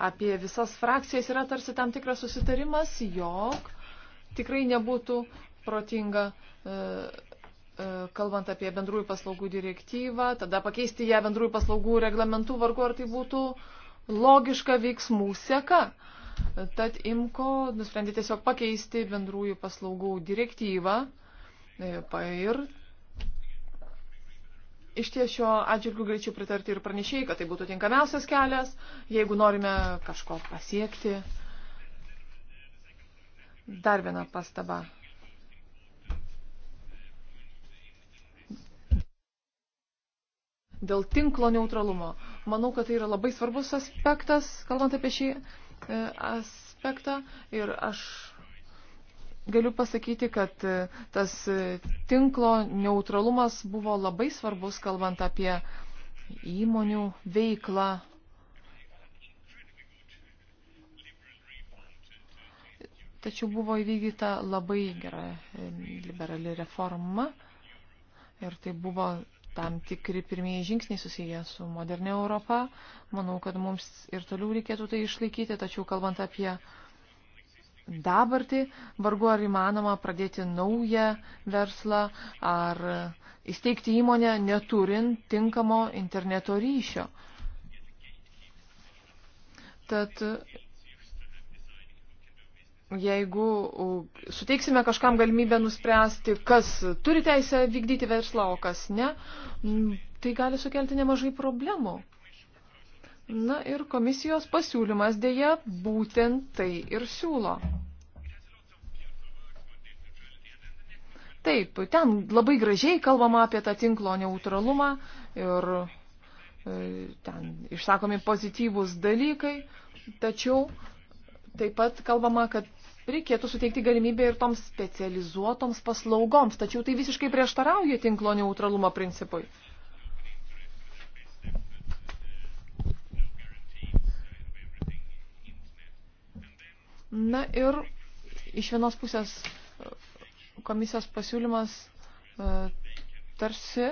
apie visas frakcijas yra tarsi tam tikras susitarimas, jog tikrai nebūtų protinga e, e, kalbant apie bendrųjų paslaugų direktyvą, tada pakeisti ją bendrųjų paslaugų reglamentų vargu, ar tai būtų logiška veiksmų seka. Uh, Tad IMCO nusprendė tiesiog pakeisti bendrųjų paslaugų direktyvą e, ir iš ties šio atžvilgiu greičiau pritarti ir pranešėjai, kad tai būtų tinkamiausias kelias, jeigu norime kažko pasiekti. Dar viena pastaba. Dėl tinklo neutralumo. Manau, kad tai yra labai svarbus aspektas, kalbant apie šį E, aspektą ir aš galiu pasakyti, kad e, tas e, tinklo neutralumas buvo labai svarbus, kalbant apie įmonių veiklą. Tačiau buvo įvykdyta labai gera liberali reforma ir tai buvo tam tikri pirmieji žingsniai susiję su modernė Europa. Manau, kad mums ir toliau reikėtų tai išlaikyti, tačiau kalbant apie dabartį, vargu ar įmanoma pradėti naują verslą ar įsteigti įmonę neturint tinkamo interneto ryšio. Tad Jeigu suteiksime kažkam galimybę nuspręsti, kas turi teisę vykdyti verslą, o kas ne, tai gali sukelti nemažai problemų. Na ir komisijos pasiūlymas dėja būtent tai ir siūlo. Taip, ten labai gražiai kalbama apie tą tinklo neutralumą ir e, ten išsakomi pozityvūs dalykai, tačiau taip pat kalbama, kad reikėtų suteikti galimybę ir toms specializuotoms paslaugoms, tačiau tai visiškai prieštarauja tinklo neutralumo principui. Na ir iš vienos pusės e, komisijos pasiūlymas e, tarsi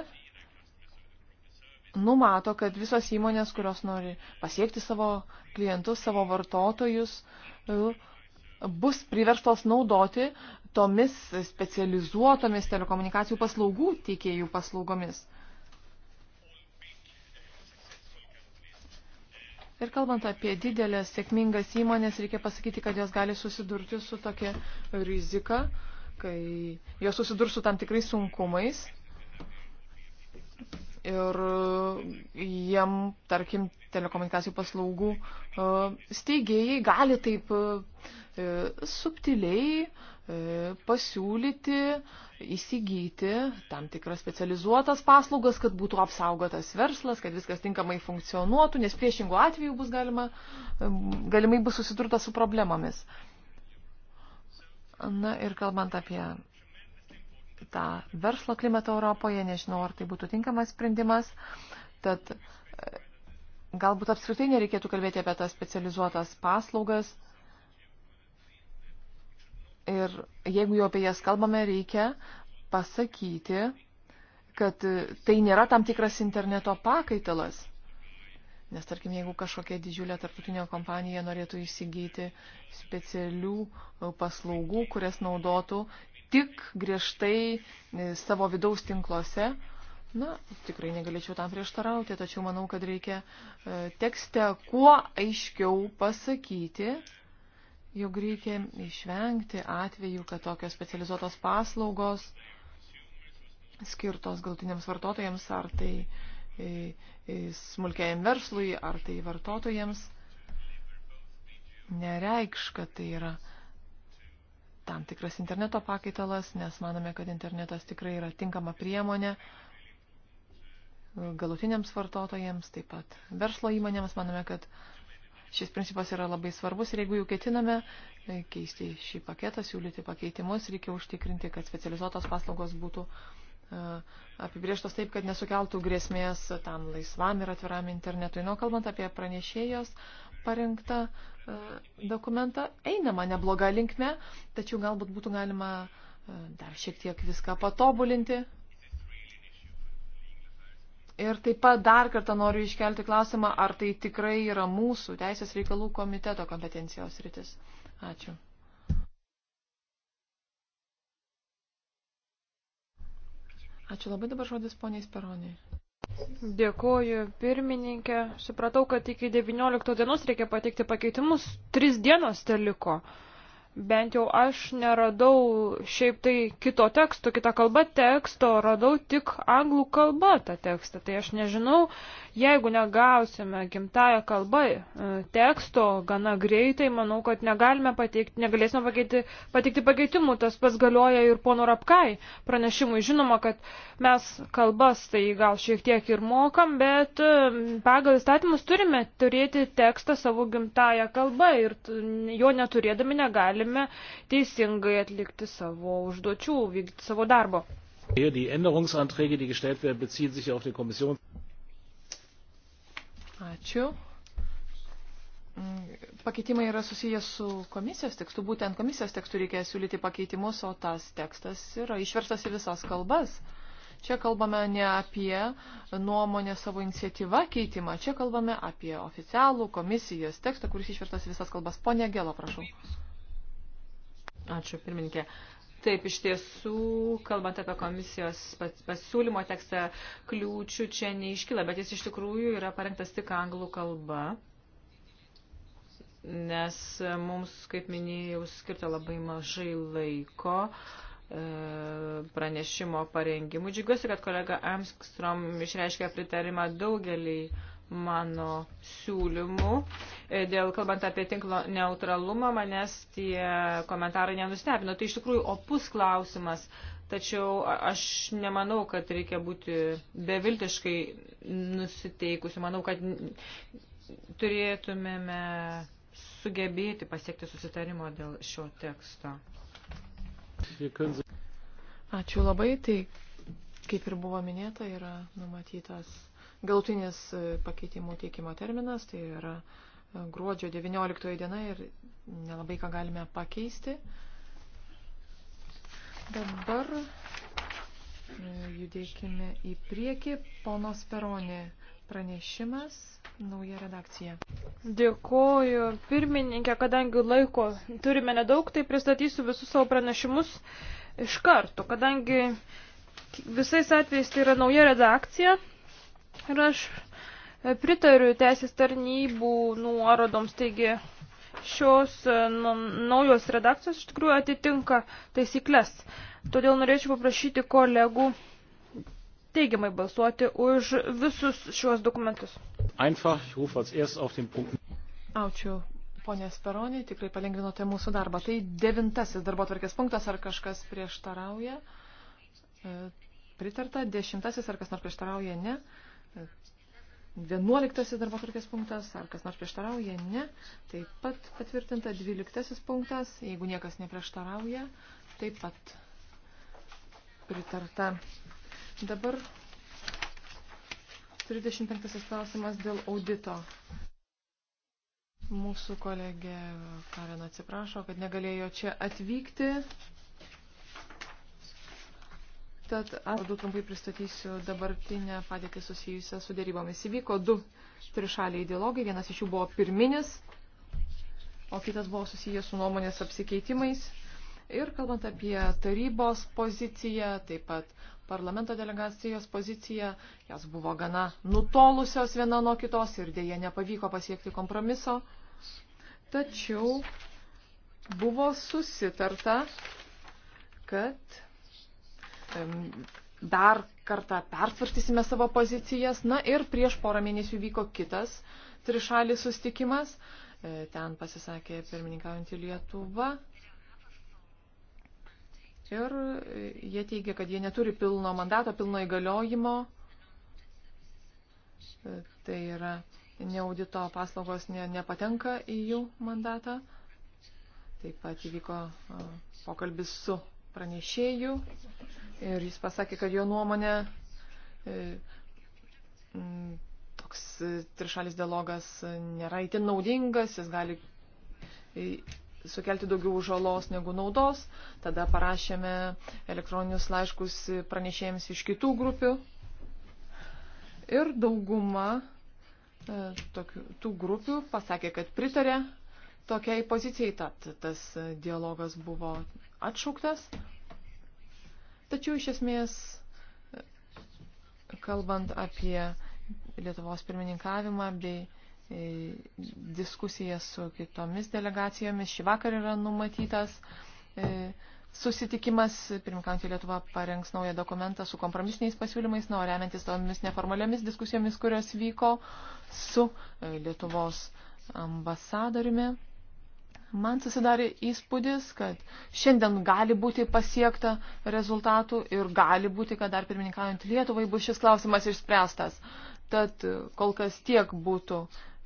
numato, kad visos įmonės, kurios nori pasiekti savo klientus, savo vartotojus, uh, bus priverstos naudoti tomis specializuotomis telekomunikacijų paslaugų teikėjų paslaugomis. Ir kalbant apie didelės sėkmingas įmonės, reikia pasakyti, kad jos gali susidurti su tokia rizika, kai jos susidurs su tam tikrais sunkumais ir e, jiem, tarkim, telekomunikacijų paslaugų e, steigėjai gali taip e, subtiliai pasiūlyti, įsigyti tam tikras specializuotas paslaugas, kad būtų apsaugotas verslas, kad viskas tinkamai funkcionuotų, nes priešingų atveju bus galima, galimai bus susidurta su problemomis. Na ir kalbant apie tą verslo klimatą Europoje, nežinau, ar tai būtų tinkamas sprendimas. Tad e, galbūt apskritai nereikėtų kalbėti apie tas specializuotas paslaugas. Ir jeigu jau apie jas kalbame, reikia pasakyti, kad e, tai nėra tam tikras interneto pakaitalas. Nes tarkim, jeigu kažkokia didžiulė tarptautinė kompanija norėtų įsigyti specialių e, paslaugų, kurias naudotų tik griežtai e, savo vidaus tinkluose. Na, tikrai negalėčiau tam prieštarauti, tačiau manau, kad reikia e, tekste kuo aiškiau pasakyti, jog reikia išvengti atvejų, kad tokios specializuotos paslaugos skirtos galtiniams vartotojams, ar tai e, smulkiajam verslui, ar tai vartotojams, nereikš, kad tai yra tam tikras interneto pakaitalas, nes manome, kad internetas tikrai yra tinkama priemonė galutiniams vartotojams, taip pat verslo įmonėms. Manome, kad šis principas yra labai svarbus ir jeigu jau ketiname keisti šį paketą, siūlyti pakeitimus, reikia užtikrinti, kad specializuotos paslaugos būtų e, apibrieštos taip, kad nesukeltų grėsmės tam laisvam ir atviram internetui. Nu, kalbant apie pranešėjos parengtą e, dokumentą einama nebloga linkme, tačiau galbūt būtų galima e, dar šiek tiek viską patobulinti. Ir taip pat dar kartą noriu iškelti klausimą, ar tai tikrai yra mūsų Teisės reikalų komiteto kompetencijos rytis. Ačiū. Ačiū labai dabar žodis poniai Speroniai. Dėkuoju pirmininkė. Supratau, kad iki 19 dienos reikia pateikti pakeitimus. Tris dienos te liko. Uh, bent jau aš neradau šiaip tai kito teksto, kitą kalbą teksto, radau tik anglų kalbą tą tekstą. Tai aš nežinau, jeigu negausime gimtają kalbą e, teksto gana greitai, manau, kad negalime pateikti, negalėsime pakeiti, pateikti pakeitimų. Tas pas galioja ir pono Rapkai pranešimui. Žinoma, kad mes kalbas tai gal šiek tiek ir mokam, bet e, pagal įstatymus turime turėti tekstą savo gimtają kalbą ir jo neturėdami negalime galime teisingai atlikti savo užduočių, vykdyti savo darbo. Die Änderungsanträge, die gestellt werden, beziehen sich auf den Kommission. Ačiū. Pakeitimai yra susijęs su komisijos tekstu. Būtent komisijos tekstu reikia siūlyti pakeitimus, o tas tekstas yra išverstas į visas kalbas. Čia kalbame ne apie nuomonę savo iniciatyvą keitimą, čia kalbame apie oficialų komisijos tekstą, kuris išvertas į visas kalbas. Pone Gelo, prašau. Ačiū, pirmininkė. Taip, iš tiesų, kalbant apie komisijos pasiūlymo tekstą, kliūčių čia neiškyla, bet jis iš tikrųjų yra parengtas tik anglų kalba, nes mums, kaip minėjau, skirta labai mažai laiko e, pranešimo parengimų. Džiugiuosi, kad kolega Amstrom išreiškė pritarimą daugelį uh, mano siūlymų. E, dėl kalbant apie tinklo neutralumą, manęs tie komentarai nenustebino. Tai iš tikrųjų opus klausimas, tačiau aš nemanau, kad reikia būti beviltiškai nusiteikusi. Manau, kad turėtumėme sugebėti pasiekti susitarimo dėl šio teksto. Ačiū labai. Tai, kaip ir buvo minėta, yra numatytas Galutinis e, pakeitimų teikimo terminas tai yra e, gruodžio 19 diena ir nelabai ką galime pakeisti. Dabar e, judėkime į priekį. Ponos Peronė pranešimas, nauja redakcija. Dėkuoju pirmininkė, kadangi laiko turime nedaug, tai pristatysiu visus savo pranešimus iš karto, kadangi visais atvejais tai yra nauja redakcija, Ir aš e, pritariu teisės tarnybų nuorodoms, taigi šios e, nu, naujos redakcijos iš tikrųjų atitinka taisyklės. Todėl norėčiau paprašyti kolegų teigiamai balsuoti už visus šiuos dokumentus. Einfach, ich rufe als erst auf den Punkt. Ačiū, ponė Speronė, tikrai palengvinote mūsų darbą. Tai devintasis darbo tvarkės punktas, ar kažkas prieštarauja? E, pritarta, dešimtasis, ar kas nors prieštarauja, ne? 11 darbo tvarkės punktas, ar kas nors prieštarauja, ne. Taip pat patvirtinta 12 punktas, jeigu niekas neprieštarauja, taip pat pritarta. Dabar 35 klausimas dėl audito. Mūsų kolegė Karina atsiprašo, kad negalėjo čia atvykti. Tad aš du trumpai pristatysiu dabartinę padėtį susijusią su dėrybomis. Įvyko du trišaliai dialogai, vienas iš jų buvo pirminis, o kitas buvo susijęs su nuomonės apsikeitimais. Ir kalbant apie tarybos poziciją, taip pat parlamento delegacijos poziciją, jos buvo gana nutolusios viena nuo kitos ir dėje nepavyko pasiekti kompromiso. Tačiau buvo susitarta, kad dar kartą pertvartysime savo pozicijas. Na ir prieš porą mėnesių vyko kitas trišalis sustikimas. E, ten pasisakė pirmininkaujantį Lietuvą. Ir e, jie teigia, kad jie neturi pilno mandato, pilno įgaliojimo. E, tai yra, neaudito paslaugos ne, nepatenka į jų mandatą. Taip pat įvyko pokalbis su pranešėju. Ir jis pasakė, kad jo nuomonė e, toks e, trišalis dialogas nėra itin naudingas, jis gali e, sukelti daugiau žalos negu naudos. Tada parašėme elektroninius laiškus pranešėjams iš kitų grupių. Ir dauguma tokių, tų grupių pasakė, kad pritarė tokiai pozicijai, tad tas dialogas buvo atšauktas. Tačiau iš esmės, kalbant apie Lietuvos pirmininkavimą bei e, diskusijas su kitomis delegacijomis, šį vakarą yra numatytas e, susitikimas, pirmkantį Lietuva parengs naują dokumentą su kompromisiniais pasiūlymais, nu, remiantis tomis neformaliomis diskusijomis, kurios vyko su e, Lietuvos ambasadoriumi. Man susidarė įspūdis, kad šiandien gali būti pasiekta rezultatų ir gali būti, kad dar pirmininkaujant Lietuvai bus šis klausimas išspręstas. Tad kol kas tiek būtų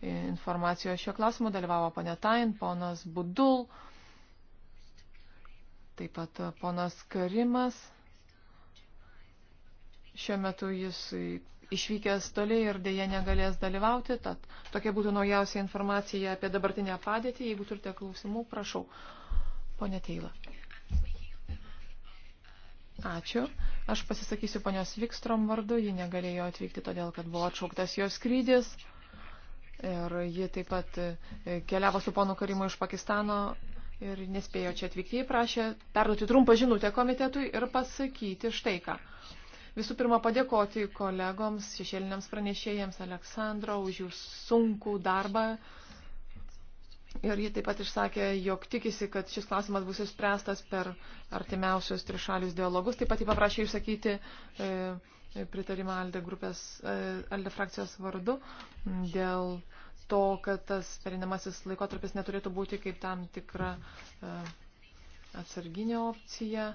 informacijos šio klausimo. Dalyvavo ponė Tain, ponas Budul, taip pat ponas Karimas. Šiuo metu jis išvykęs toliai ir dėja negalės dalyvauti. Tad tokia būtų naujausia informacija apie dabartinę padėtį. Jeigu turite klausimų, prašau. Pone Teila. Ačiū. Aš pasisakysiu ponios Vikstrom vardu. Ji negalėjo atvykti, todėl kad buvo atšauktas jos skrydis. Ir ji taip pat e, keliavo su ponu Karimu iš Pakistano ir nespėjo čia atvykti. Ji prašė perduoti trumpą žinutę komitetui ir pasakyti štai ką. Visų pirma, padėkoti kolegoms, šešėliniams pranešėjams Aleksandro už jų sunkų darbą. Ir ji taip pat išsakė, jog tikisi, kad šis klausimas bus išspręstas per artimiausius trišalius dialogus. Taip pat ji paprašė išsakyti e, pritarimą Alde, grupės, e, Alde frakcijos vardu dėl to, kad tas perinamasis laikotarpis neturėtų būti kaip tam tikra e, atsarginė opcija.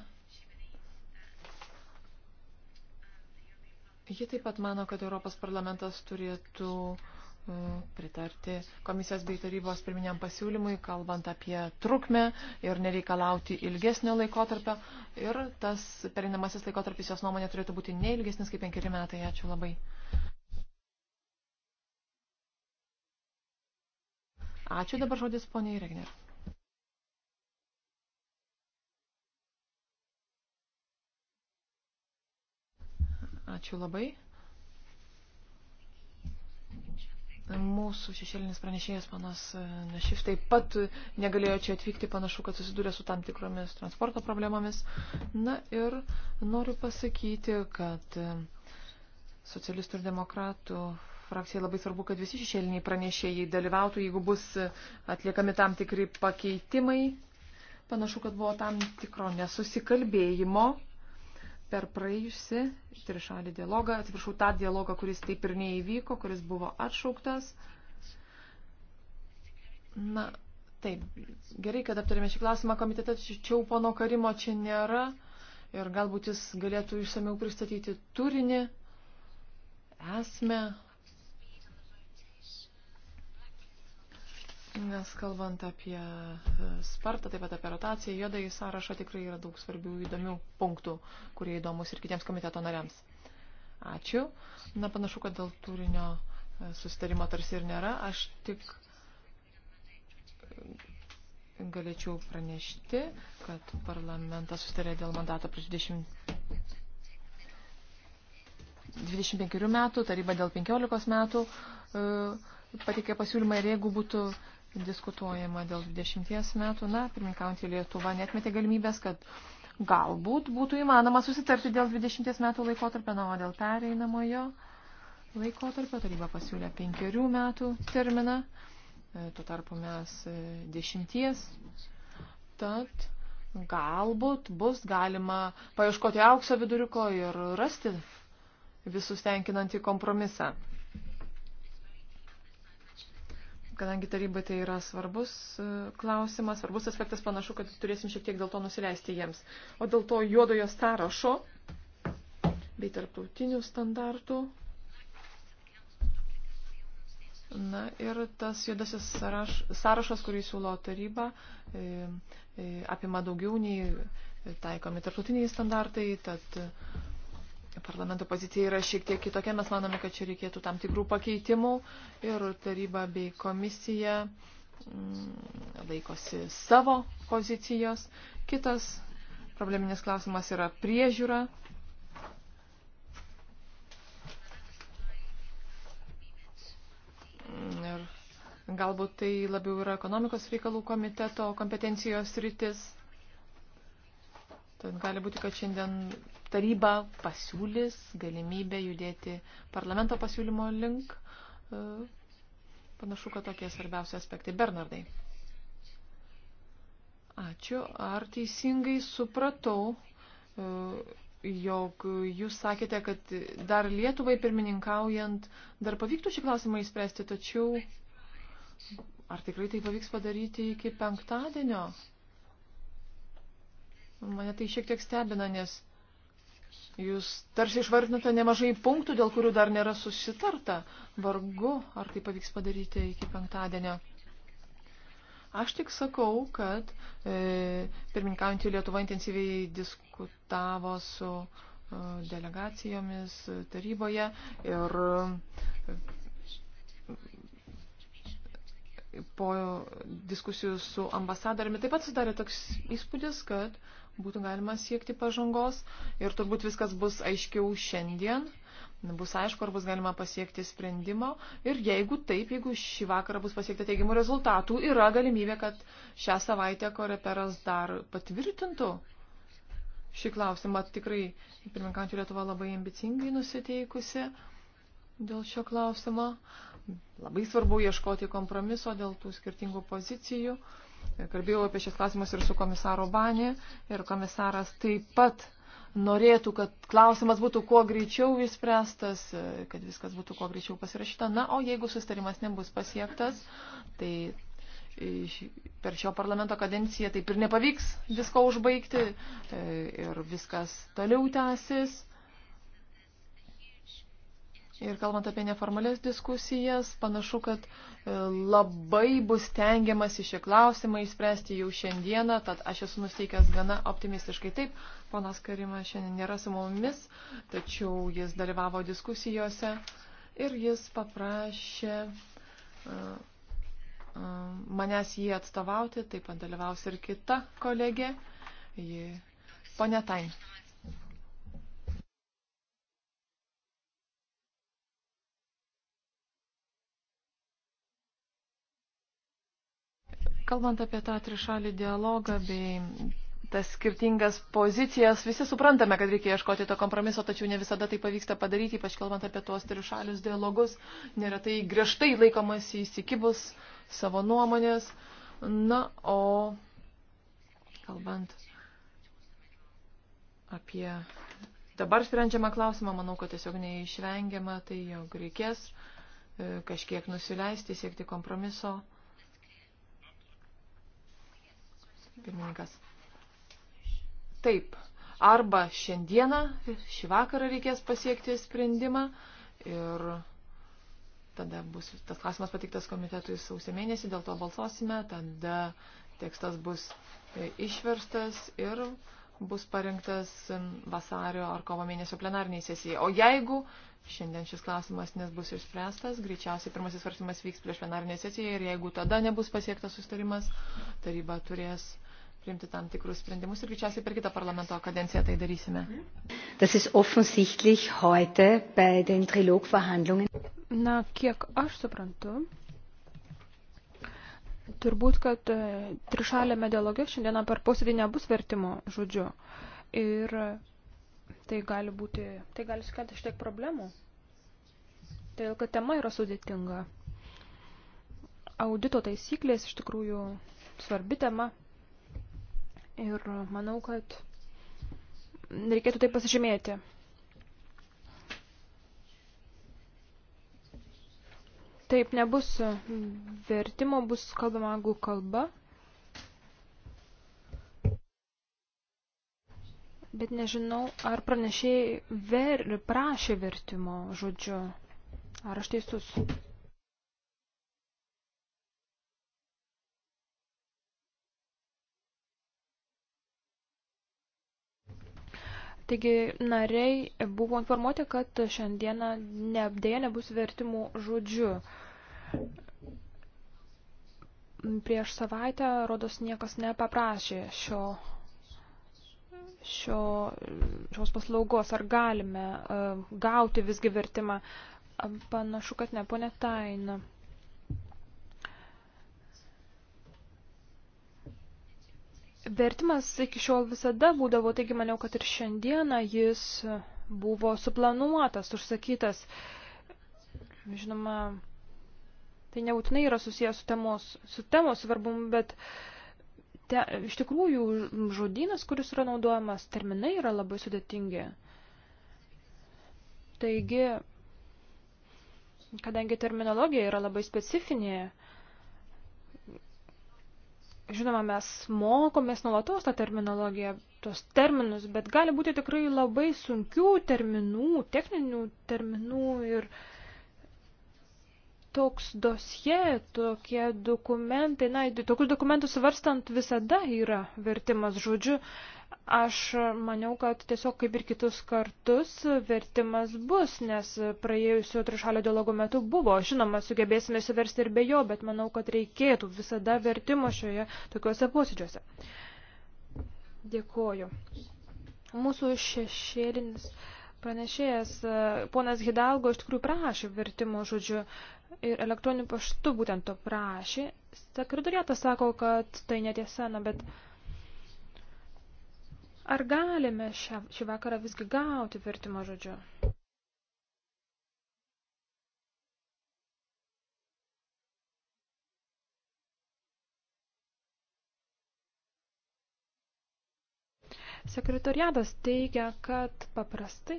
Ji taip pat mano, kad Europos parlamentas turėtų e, pritarti komisijos bei tarybos pirminiam pasiūlymui, kalbant apie trukmę ir nereikalauti ilgesnio laikotarpio. Ir tas perinamasis laikotarpis jos nuomonė turėtų būti ne ilgesnis kaip penkeri metai. Ačiū labai. Ačiū dabar žodis poniai Regner. Ačiū labai. Mūsų šešėlinis pranešėjas panas e, Nešif taip pat negalėjo čia atvykti, panašu, kad susidūrė su tam tikromis transporto problemomis. Na ir noriu pasakyti, kad e, socialistų ir demokratų frakcijai labai svarbu, kad visi šešėliniai pranešėjai dalyvautų, jeigu bus e, atliekami tam tikri pakeitimai. Panašu, kad buvo tam tikro nesusikalbėjimo per praėjusi trišalį dialogą, atsiprašau, tą dialogą, kuris taip ir neįvyko, kuris buvo atšauktas. Na, taip, gerai, kad aptarėme šį klausimą komitete, tačiau pono Karimo čia nėra ir galbūt jis galėtų išsameu pristatyti turinį, esmę Nes kalbant apie e, spartą, taip pat apie rotaciją, juodąjį sąrašą tikrai yra daug svarbių įdomių punktų, kurie įdomus ir kitiems komiteto nariams. Ačiū. Na, panašu, kad dėl turinio e, susitarimo tarsi ir nėra. Aš tik e, galėčiau pranešti, kad parlamentas susitarė dėl mandato prieš 20 25 metų, taryba dėl 15 metų pateikė pasiūlymą ir jeigu būtų diskutuojama dėl 20 metų. Na, pirmininkaujantį Lietuvą netmetė galimybės, kad galbūt būtų įmanoma susitarti dėl 20 metų laikotarpio, na, o dėl pereinamojo laikotarpio taryba pasiūlė penkerių metų terminą, e, tuo tarpu mes e, dešimties. Tad galbūt bus galima paieškoti aukso viduriuko ir rasti visus tenkinantį kompromisą kadangi tarybai tai yra svarbus e, klausimas, svarbus aspektas, panašu, kad turėsim šiek tiek dėl to nusileisti jiems. O dėl to juodojo sąrašo bei tarptautinių standartų. Na ir tas juodasis sąraš, sąrašas, kurį siūlo taryba, e, e, apima daugiau nei taikomi tarptautiniai standartai, tad parlamento pozicija yra šiek tiek kitokia. Mes manome, kad čia reikėtų tam tikrų pakeitimų ir taryba bei komisija mm, laikosi savo pozicijos. Kitas probleminis klausimas yra priežiūra. Ir galbūt tai labiau yra ekonomikos reikalų komiteto kompetencijos rytis. Tad gali būti, kad šiandien taryba pasiūlys galimybę judėti parlamento pasiūlymo link. E, panašu, kad tokie svarbiausi aspektai. Bernardai. Ačiū. Ar teisingai supratau, e, jog jūs sakėte, kad dar Lietuvai pirmininkaujant dar pavyktų šį klausimą įspręsti, tačiau ar tikrai tai pavyks padaryti iki penktadienio? Mane tai šiek tiek stebina, nes jūs tarsi išvardinote nemažai punktų, dėl kurių dar nėra susitarta. Vargu, ar tai pavyks padaryti iki penktadienio. Aš tik sakau, kad e, pirmininkaujantį Lietuvą intensyviai diskutavo su e, delegacijomis taryboje ir e, po diskusijų su ambasadoriumi taip pat sudarė toks įspūdis, kad e, būtų galima siekti pažangos ir turbūt viskas bus aiškiau šiandien. Bus aišku, ar bus galima pasiekti sprendimo ir jeigu taip, jeigu šį vakarą bus pasiekti teigiamų rezultatų, yra galimybė, kad šią savaitę koreperas dar patvirtintų šį klausimą. Tikrai, pirminkantį Lietuva labai ambicingai nusiteikusi dėl šio klausimo. Labai svarbu ieškoti kompromiso dėl tų skirtingų pozicijų. Uh, Kalbėjau apie šis klausimus ir su komisaru Banė ir komisaras taip pat norėtų, kad klausimas būtų kuo greičiau įspręstas, kad viskas būtų kuo greičiau pasirašyta. Na, o jeigu sustarimas nebus pasiektas, tai per šio parlamento kadenciją taip ir nepavyks visko užbaigti e, ir viskas toliau tęsis. Ir kalbant apie neformalias diskusijas, panašu, kad e, labai bus tengiamasi šie klausimai įspręsti jau šiandieną, tad aš esu nusteikęs gana optimistiškai. Taip, ponas Karimas šiandien nėra su mumis, tačiau jis dalyvavo diskusijose ir jis paprašė e, e, manęs jį atstovauti, taip pat dalyvaus ir kita kolegė, ji ponetain. Kalbant apie tą trišalį dialogą bei tas skirtingas pozicijas, visi suprantame, kad reikia ieškoti to kompromiso, tačiau ne visada tai pavyksta padaryti, ypač kalbant apie tuos trišalius dialogus, neretai griežtai laikomas įsikibus savo nuomonės. Na, o kalbant apie dabar sprendžiamą klausimą, manau, kad tiesiog neišvengiama, tai jog reikės e, kažkiek nusileisti, siekti kompromiso. Pirmininkas. Taip. Arba šiandieną, šį vakarą reikės pasiekti sprendimą ir tada bus tas klausimas patiktas komitetui sausio mėnesį, dėl to balsuosime, tada tekstas bus išverstas ir bus parengtas vasario ar kovo mėnesio plenarniai sesijai. O jeigu šiandien šis klausimas nesbus išspręstas, greičiausiai pirmasis svarstymas vyks prieš plenarnį sesiją ir jeigu tada nebus pasiektas sustarimas, taryba turės priimti tam tikrus sprendimus ir greičiausiai per kitą parlamento kadenciją tai darysime. Na, kiek aš suprantu, turbūt, kad e, trišalėme dialoge šiandieną per posėdį nebus vertimo žodžiu. Ir tai gali būti, tai gali sukelti šiek tiek problemų. Todėl, kad tema yra sudėtinga. Audito taisyklės iš tikrųjų svarbi tema Ir manau, kad reikėtų tai pasižymėti. Taip, nebus vertimo, bus kalbama anglų kalba. Bet nežinau, ar pranešėjai ver, prašė vertimo žodžiu. Ar aš teisus? Taigi nariai buvo informuoti, kad šiandieną ne, dėja nebus vertimų žodžiu. Prieš savaitę, rodos, niekas nepaprašė šio šio, šios paslaugos, ar galime uh, gauti visgi vertimą. Panašu, kad ne, ponė Taina. Vertimas iki šiol visada būdavo, taigi maniau, kad ir šiandieną jis buvo suplanuotas, užsakytas. Žinoma, tai nebūtinai yra susijęs su temos, su temos svarbumu, bet te, iš tikrųjų žodynas, kuris yra naudojamas, terminai yra labai sudėtingi. Taigi, kadangi terminologija yra labai specifinė, žinoma, mes mokomės nuolatos tą terminologiją, tos terminus, bet gali būti tikrai labai sunkių terminų, techninių terminų ir toks dosie, tokie dokumentai, na, tokius dokumentus svarstant visada yra vertimas žodžiu, Aš maniau, kad tiesiog kaip ir kitus kartus vertimas bus, nes praėjusio trišalio dialogo metu buvo. Žinoma, sugebėsime įsiversti ir be jo, bet manau, kad reikėtų visada vertimo šioje tokiuose posėdžiuose. Dėkoju. Mūsų šešėlinis pranešėjas, e, ponas Hidalgo, iš tikrųjų prašė vertimo žodžiu ir elektroniniu paštu būtent to prašė. Sekretariatas sako, kad tai netiesa, na, bet Ar galime šią, šį vakarą visgi gauti vertimo žodžiu? Sekretariatas teigia, kad paprastai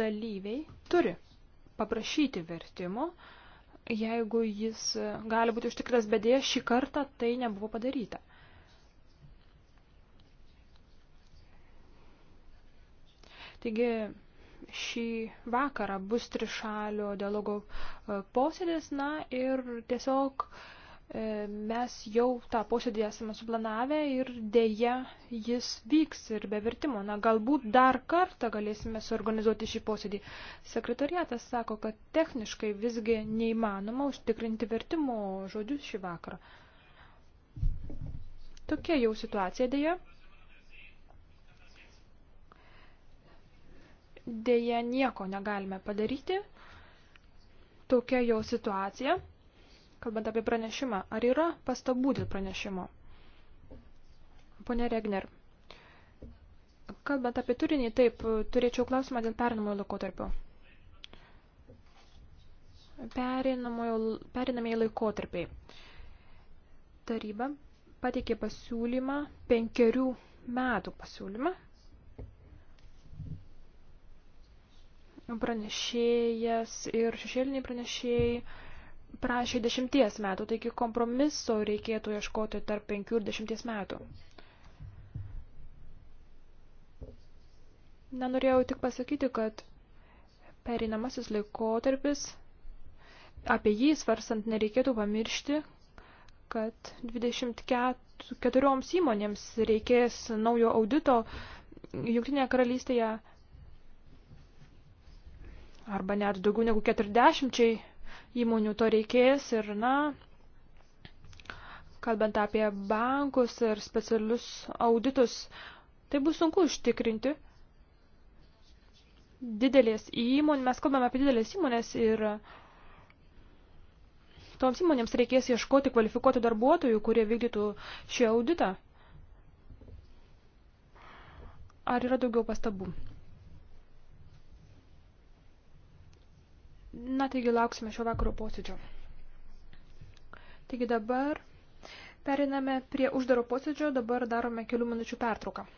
dalyviai turi paprašyti vertimo, jeigu jis gali būti užtikrintas, bet dėja šį kartą tai nebuvo padaryta. Taigi šį vakarą bus trišalio dialogo e, posėdis, na ir tiesiog e, mes jau tą posėdį esame suplanavę ir dėja jis vyks ir be vertimo. Na, galbūt dar kartą galėsime suorganizuoti šį posėdį. Sekretariatas sako, kad techniškai visgi neįmanoma užtikrinti vertimo žodžius šį vakarą. Tokia jau situacija dėja. dėje nieko negalime padaryti. Tokia jau situacija. Kalbant apie pranešimą, ar yra pastabų dėl pranešimo? Pone Regner. Kalbant apie turinį, taip, turėčiau klausimą dėl perinamojo laikotarpio. Perinamieji laikotarpiai. Taryba pateikė pasiūlymą, penkerių metų pasiūlymą, pranešėjas ir šešėliniai pranešėjai prašė dešimties metų, taigi kompromiso reikėtų ieškoti tarp penkių ir dešimties metų. Na, norėjau tik pasakyti, kad perinamasis laikotarpis, apie jį svarstant nereikėtų pamiršti, kad 24 įmonėms reikės naujo audito Jungtinėje karalystėje arba net daugiau negu 40 įmonių to reikės ir, na, kalbant apie bankus ir specialius auditus, tai bus sunku užtikrinti. Didelės įmonės, mes kalbame apie didelės įmonės ir toms įmonėms reikės ieškoti kvalifikuotų darbuotojų, kurie vykdytų šį auditą. Ar yra daugiau pastabų? Na, taigi lauksime šio vakaro posėdžio. Taigi dabar periname prie uždaro posėdžio, dabar darome kelių minučių pertrauką.